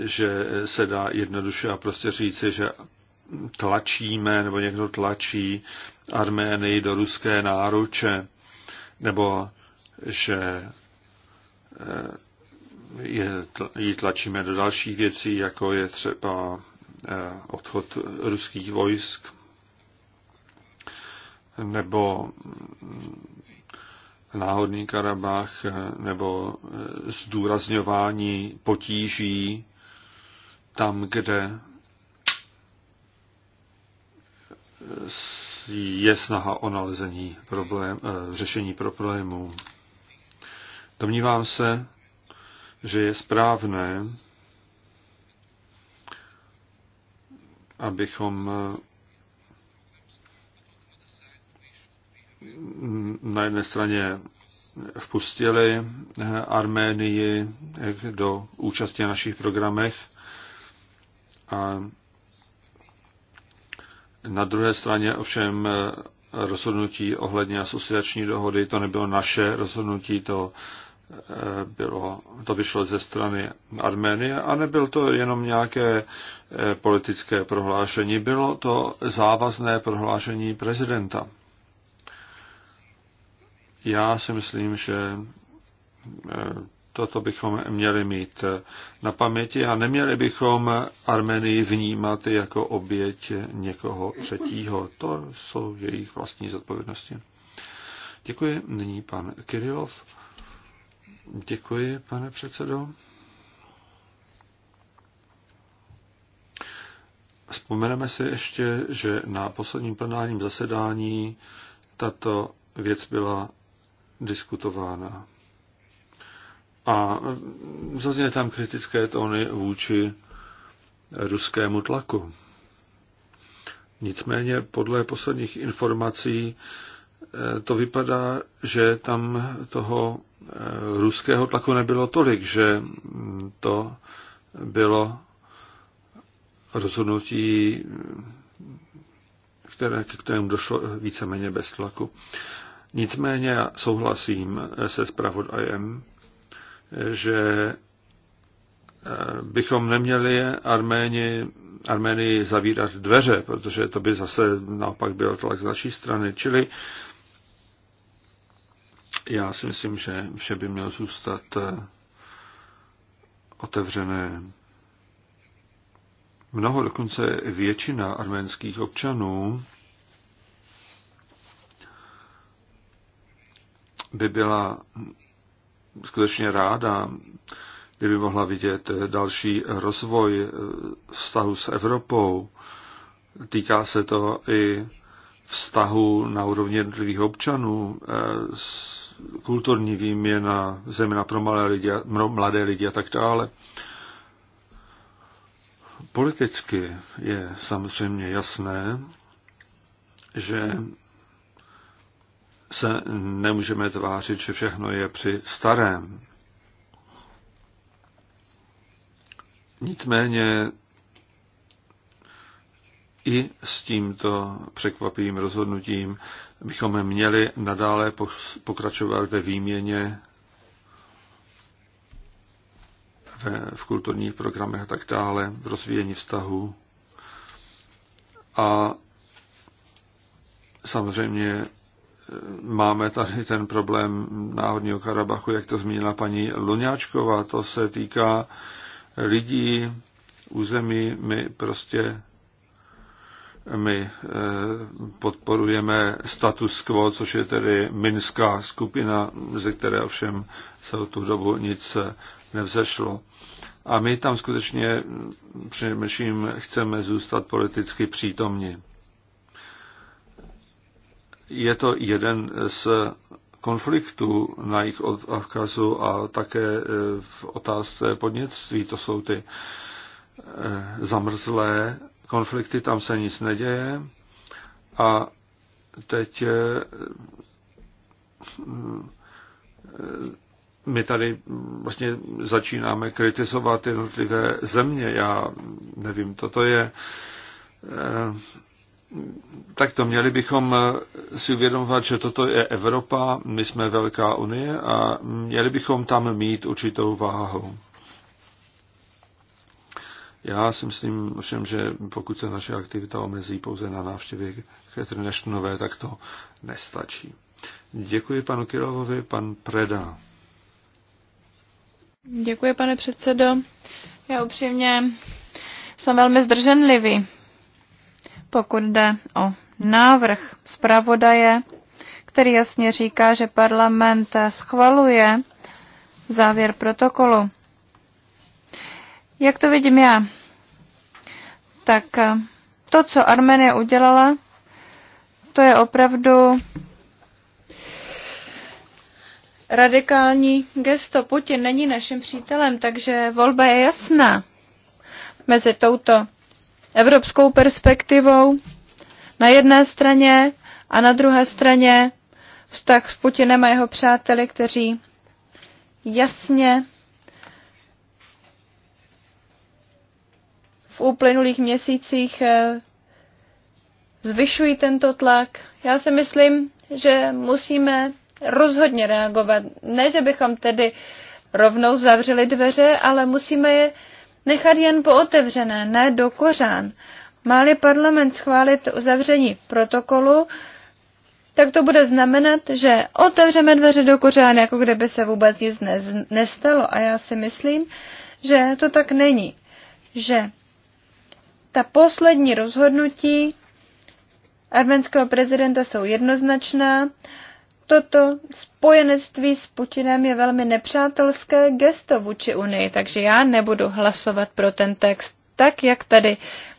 že se dá jednoduše a prostě říci, že tlačíme nebo někdo tlačí Arménii do ruské náruče, nebo že je, ji tlačíme do dalších věcí, jako je třeba eh, odchod ruských vojsk nebo mm, náhodný Karabach eh, nebo eh, zdůrazňování potíží tam, kde je snaha o nalezení problém, řešení problémů. Domnívám se, že je správné, abychom eh, na jedné straně vpustili eh, Arménii do účasti na našich programech a na druhé straně ovšem eh, rozhodnutí ohledně asociační dohody, to nebylo naše rozhodnutí, to bylo, to vyšlo ze strany Arménie a nebyl to jenom nějaké eh, politické prohlášení, bylo to závazné prohlášení prezidenta. Já si myslím, že eh, toto bychom měli mít eh, na paměti a neměli bychom Armenii vnímat jako oběť někoho třetího. To jsou jejich vlastní zodpovědnosti. Děkuji. Nyní pan Kirilov. Děkuji, pane předsedo. Vzpomeneme si ještě, že na posledním plenárním zasedání tato věc byla diskutována. A zazněly tam kritické tóny vůči ruskému tlaku. Nicméně podle posledních informací Eh, to vypadá, že tam toho eh, ruského tlaku nebylo tolik, že mm, to bylo rozhodnutí, které, k kterému došlo eh, víceméně bez tlaku. Nicméně souhlasím se zpravodajem, že bychom neměli Arméni, Arménii zavírat dveře, protože to by zase naopak byl tlak z naší strany. Čili já si myslím, že vše by mělo zůstat eh, otevřené. Mnoho, dokonce většina arménských občanů by byla skutečně ráda, kdyby mohla vidět další rozvoj eh, vztahu s Evropou. Týká se to i vztahu na úrovni jednotlivých občanů eh, s kulturní výměna, zejména pro malé lidi, mladé lidi a tak dále. Politicky je samozřejmě jasné, že se nemůžeme tvářit, že všechno je při starém. Nicméně i s tímto překvapivým rozhodnutím bychom měli nadále pokračovat ve výměně v kulturních programech a tak dále, v rozvíjení vztahu. A samozřejmě e, máme tady ten problém náhodního Karabachu, jak to zmínila paní Luňáčková, to se týká lidí, území, my prostě my eh, podporujeme status quo, což je tedy minská skupina, ze které ovšem celou tu dobu nic eh, nevzešlo. A my tam skutečně mm, především chceme zůstat politicky přítomni. Je to jeden z konfliktů na jich odkazu a také eh, v otázce podnětství. To jsou ty zamrzlé konflikty, tam se nic neděje. A teď eh, eh, my tady vlastně začínáme kritizovat jednotlivé země. Já nevím, toto je. Eh, tak to měli bychom si uvědomovat, že toto je Evropa, my jsme Velká unie a měli bychom tam mít určitou váhu. Já si myslím ovšem, že pokud se naše aktivita omezí pouze na návštěvy Catherine tak to nestačí. Děkuji panu Kirovovi, pan Preda. Děkuji, pane předsedo. Já upřímně jsem velmi zdrženlivý, pokud jde o návrh zpravodaje, který jasně říká, že parlament schvaluje závěr protokolu. Jak to vidím já? tak eh, to, co Arménie udělala, to je opravdu radikální gesto. Putin není naším přítelem, takže volba je jasná mezi touto evropskou perspektivou na jedné straně a na druhé straně vztah s Putinem a jeho přáteli, kteří jasně v uplynulých měsících eh, zvyšují tento tlak. Já si myslím, že musíme rozhodně reagovat. Ne, že bychom tedy rovnou zavřeli dveře, ale musíme je nechat jen pootevřené, ne do kořán. Máli parlament schválit uzavření protokolu, tak to bude znamenat, že otevřeme dveře do kořán, jako kdyby se vůbec nic nestalo. A já si myslím, že to tak není. Že ta poslední rozhodnutí arménského prezidenta jsou jednoznačná. Toto spojenectví s Putinem je velmi nepřátelské gesto vůči Unii, takže já nebudu hlasovat pro ten text tak, jak tady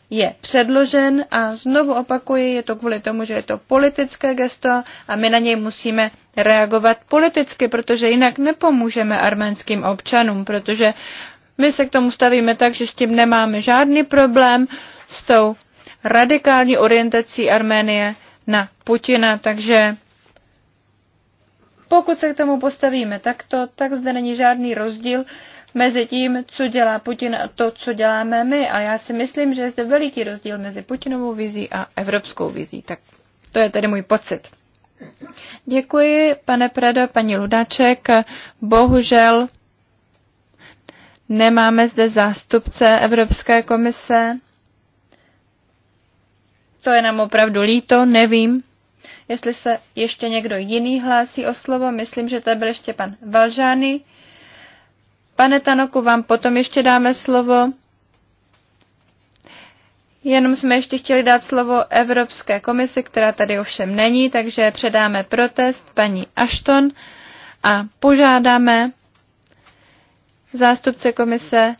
je předložen a znovu opakuji, je to kvůli tomu, že je to politické gesto a my na něj musíme reagovat politicky, protože jinak nepomůžeme arménským občanům, protože my se k tomu stavíme tak, že s tím nemáme žádný problém, s tou radikální orientací Arménie na Putina, takže pokud se k tomu postavíme takto, tak zde není žádný rozdíl mezi tím, co dělá Putin a to, co děláme my. A já si myslím, že je zde veliký rozdíl mezi Putinovou vizí a evropskou vizí. Tak to je tedy můj pocit. Děkuji, pane Prado, paní Ludaček. Bohužel Nemáme zde zástupce Evropské komise. To je nám opravdu líto, nevím. Jestli se ještě někdo jiný hlásí o slovo, myslím, že to byl ještě pan Valžány. Pane Tanoku, vám potom ještě dáme slovo. Jenom jsme ještě chtěli dát slovo Evropské komisi, která tady ovšem není, takže předáme protest paní Ashton a požádáme zástupce komise,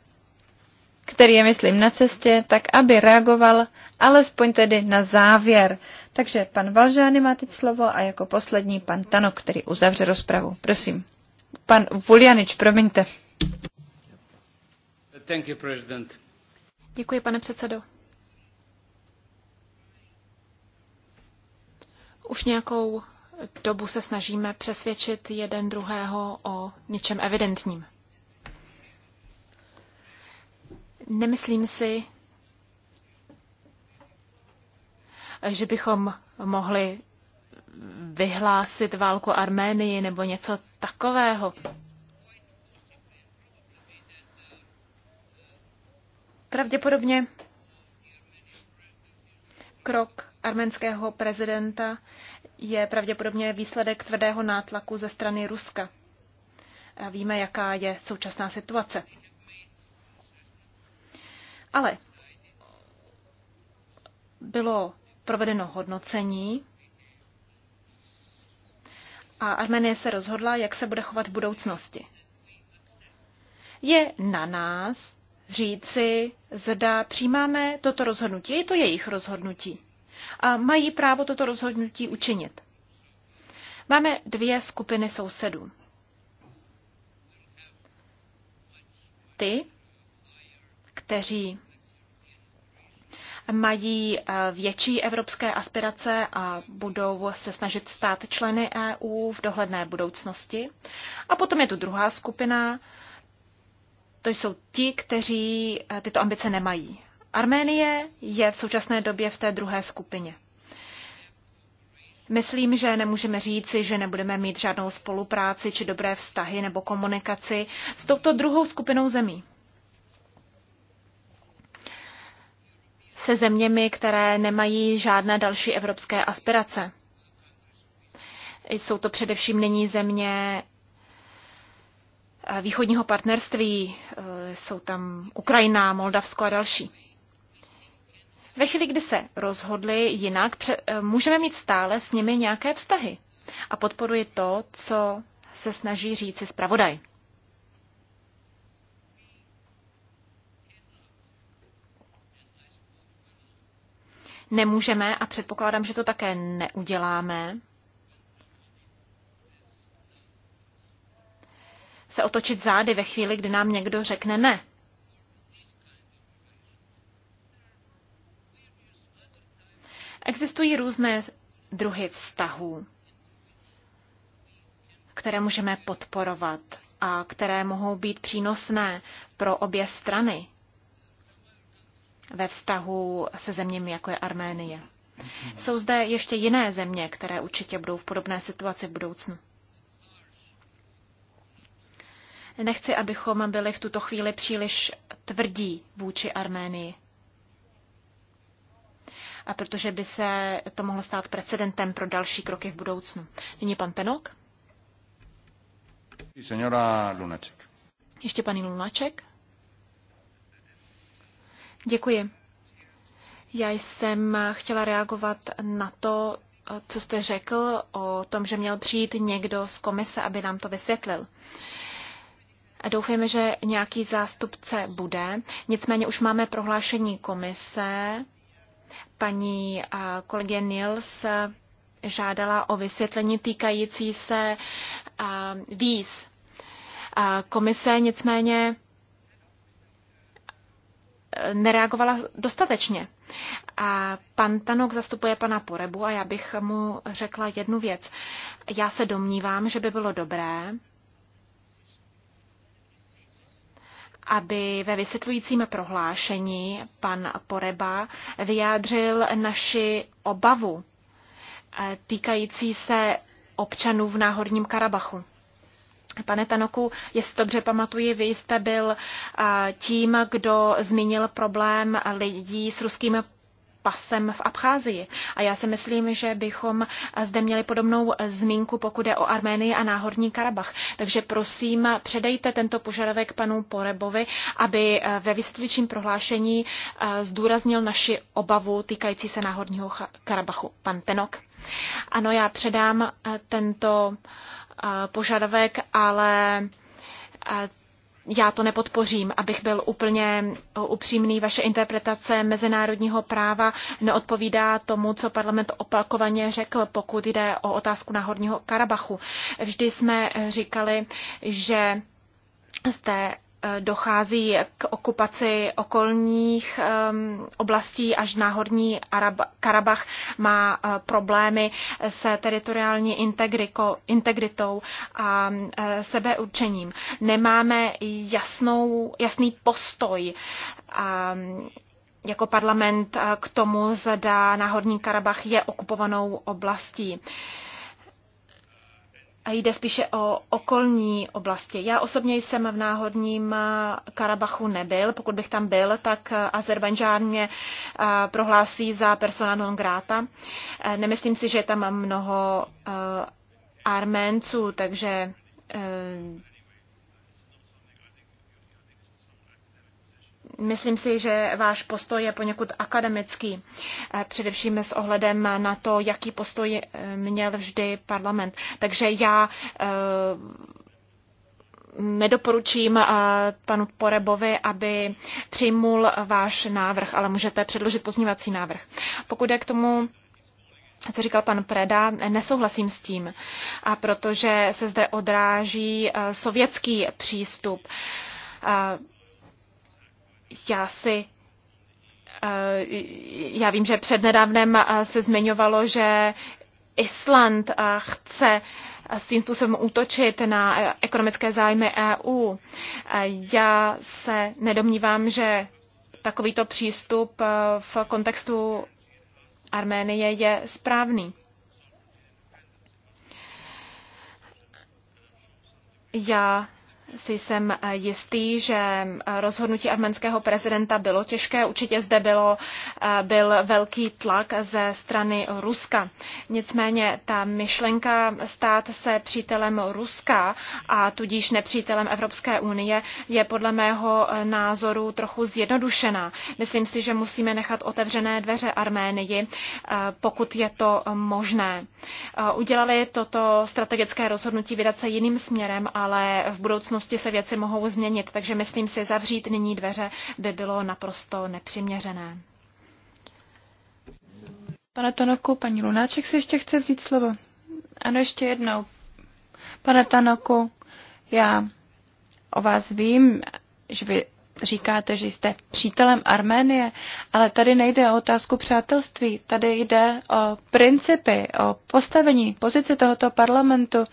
který je, myslím, na cestě, tak aby reagoval alespoň tedy na závěr. Takže pan Valžány má teď slovo a jako poslední pan Tano, který uzavře rozpravu. Prosím. Pan Vulianič, promiňte. Thank you, president. Děkuji, pane předsedo. Už nějakou dobu se snažíme přesvědčit jeden druhého o něčem evidentním. Nemyslím si, že bychom mohli vyhlásit válku Arménii nebo něco takového. Pravděpodobně krok arménského prezidenta je pravděpodobně výsledek tvrdého nátlaku ze strany Ruska. A víme, jaká je současná situace. Ale bylo provedeno hodnocení a Armenie se rozhodla, jak se bude chovat v budoucnosti. Je na nás říci, zda přijímáme toto rozhodnutí. Je to jejich rozhodnutí. A mají právo toto rozhodnutí učinit. Máme dvě skupiny sousedů. Ty, kteří mají eh, větší evropské aspirace a budou se snažit stát členy EU v dohledné budoucnosti. A potom je tu druhá skupina, to jsou ti, kteří eh, tyto ambice nemají. Arménie je v současné době v té druhé skupině. Myslím, že nemůžeme říci, že nebudeme mít žádnou spolupráci či dobré vztahy nebo komunikaci s touto druhou skupinou zemí. se zeměmi, které nemají žádné další evropské aspirace. Jsou to především nyní země eh, východního partnerství, eh, jsou tam Ukrajina, Moldavsko a další. Ve chvíli, kdy se rozhodli jinak, eh, můžeme mít stále s nimi nějaké vztahy. A podporuji to, co se snaží říci zpravodaj. nemůžeme a předpokládám, že to také neuděláme, se otočit zády ve chvíli, kdy nám někdo řekne ne. Existují různé druhy vztahů, které můžeme podporovat a které mohou být přínosné pro obě strany ve vztahu se zeměmi, jako je Arménie. Jsou zde ještě jiné země, které určitě budou v podobné situaci v budoucnu. Nechci, abychom byli v tuto chvíli příliš tvrdí vůči Arménii. A protože by se to mohlo stát precedentem pro další kroky v budoucnu. Nyní pan Tenok. Senora Ještě paní Lunaček. Děkuji. Já jsem chtěla reagovat na to, co jste řekl o tom, že měl přijít někdo z komise, aby nám to vysvětlil. doufujeme, že nějaký zástupce bude. Nicméně už máme prohlášení komise. Paní kolegě Nils žádala o vysvětlení týkající se víz. Komise nicméně nereagovala dostatečně. A pan Tanok zastupuje pana Porebu a já bych mu řekla jednu věc. Já se domnívám, že by bylo dobré, aby ve vysvětlujícím prohlášení pan Poreba vyjádřil naši obavu e, týkající se občanů v Náhorním Karabachu. Pane Tanoku, jestli dobře pamatuji, vy jste byl tím, kdo zmínil problém lidí s ruským pasem v Abcházii. A já si myslím, že bychom zde měli podobnou zmínku, pokud je o Arménii a Náhorní Karabach. Takže prosím, předejte tento požadavek panu Porebovi, aby ve vysvětličním prohlášení zdůraznil naši obavu týkající se Náhorního Karabachu. Pan Tenok. Ano, já předám tento požadavek, ale já to nepodpořím, abych byl úplně upřímný. Vaše interpretace mezinárodního práva neodpovídá tomu, co parlament opakovaně řekl, pokud jde o otázku Náhorního Karabachu. Vždy jsme říkali, že zde Eh, dochází k okupaci okolních um, oblastí až náhorní Arab- Karabach má uh, problémy se teritoriální integriko, integritou a uh, sebeurčením. Nemáme jasnou, jasný postoj um, jako parlament k tomu, zda náhorní Karabach je okupovanou oblastí. Uh, a jde spíše o okolní oblasti. Já osobně jsem v náhodním eh, Karabachu nebyl. Pokud bych tam byl, tak eh, Azerbajdžán mě eh, prohlásí za persona non grata. Nemyslím si, že je tam mnoho Arménců, takže Myslím si, že váš postoj je poněkud akademický, eh, především s ohledem na to, jaký postoj eh, měl vždy parlament. Takže já eh, nedoporučím panu Porebovi, aby přijmul váš návrh, ale můžete předložit pozměňovací návrh. Pokud je k tomu co říkal pan Preda, nesouhlasím s tím, a protože se zde odráží sovětský přístup já si eh, já vím, že přednedávnem eh, se zmiňovalo, že Island eh, chce svým způsobem útočit na ekonomické zájmy EU. Já se nedomnívám, že takovýto přístup v kontextu Arménie je správný. Já si jsem eh, jistý, že eh, rozhodnutí arménského prezidenta bylo těžké. Určitě zde bylo, eh, byl velký tlak ze strany Ruska. Nicméně ta myšlenka stát se přítelem Ruska a tudíž nepřítelem Evropské unie je podle mého názoru trochu zjednodušená. Myslím si, že musíme nechat otevřené dveře Arménii, pokud je to možné. Udělali toto strategické rozhodnutí vydat se jiným směrem, ale v budoucnu budoucnosti se věci mohou změnit, takže myslím si, zavřít nyní dveře by bylo naprosto nepřiměřené. Pane Tanoku, paní Lunáček si ještě chce vzít slovo. Ano, ještě jednou. Pane Tanoku, já o vás vím, že vy říkáte, že jste přítelem Arménie, ale tady nejde o otázku přátelství, tady jde o principy, o postavení, pozici tohoto parlamentu.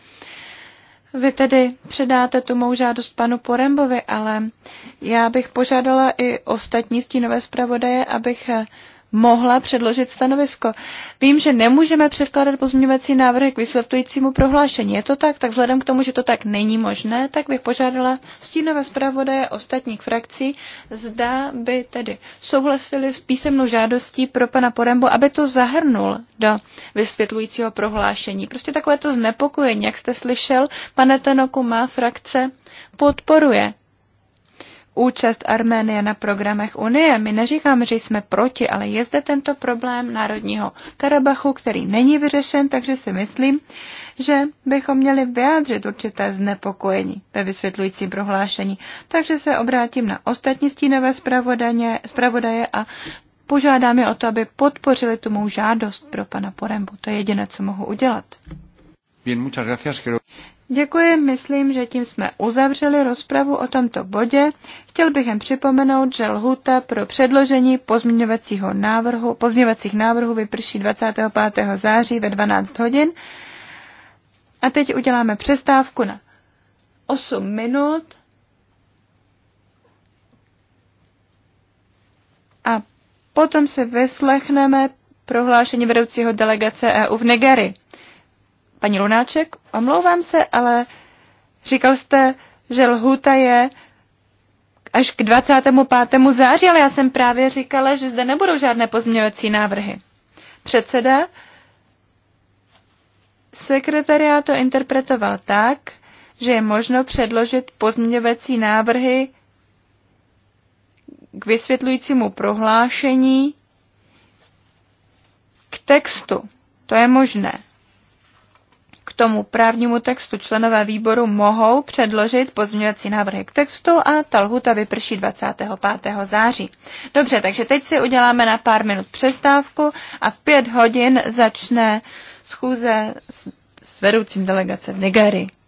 Vy tedy předáte tu mou žádost panu Porembovi, ale já bych požádala i ostatní stínové zpravodaje, abych mohla předložit stanovisko. Vím, že nemůžeme předkládat pozměňovací návrhy k vysvětlujícímu prohlášení. Je to tak? Tak vzhledem k tomu, že to tak není možné, tak bych požádala stínové zpravodaje ostatních frakcí, zda by tedy souhlasili s písemnou žádostí pro pana Porembo, aby to zahrnul do vysvětlujícího prohlášení. Prostě takové to znepokojení, jak jste slyšel, pane Tenoku, má frakce podporuje účast Arménie na programech Unie. My neříkáme, že jsme proti, ale je zde tento problém Národního Karabachu, který není vyřešen, takže si myslím, že bychom měli vyjádřit určité znepokojení ve vysvětlujícím prohlášení. Takže se obrátím na ostatní stínové zpravodaje a požádám je o to, aby podpořili tu mou žádost pro pana Porembu. To je jediné, co mohu udělat. Bien, muchas gracias. Děkuji, myslím, že tím jsme uzavřeli rozpravu o tomto bodě. Chtěl bych jen připomenout, že lhuta pro předložení pozměňovacího návrhu, pozměňovacích návrhů vyprší 25. září ve 12 hodin. A teď uděláme přestávku na 8 minut. A potom se vyslechneme prohlášení vedoucího delegace EU v Nigerii. Paní Lunáček, omlouvám se, ale říkal jste, že lhůta je až k 25. září, ale já jsem právě říkala, že zde nebudou žádné pozměňovací návrhy. Předseda sekretariát to interpretoval tak, že je možno předložit pozměňovací návrhy k vysvětlujícímu prohlášení k textu. To je možné tomu právnímu textu členové výboru mohou předložit pozměňovací návrhy k textu a ta lhuta vyprší 25. září. Dobře, takže teď si uděláme na pár minut přestávku a v pět hodin začne schůze s vedoucím delegace v Nigerii.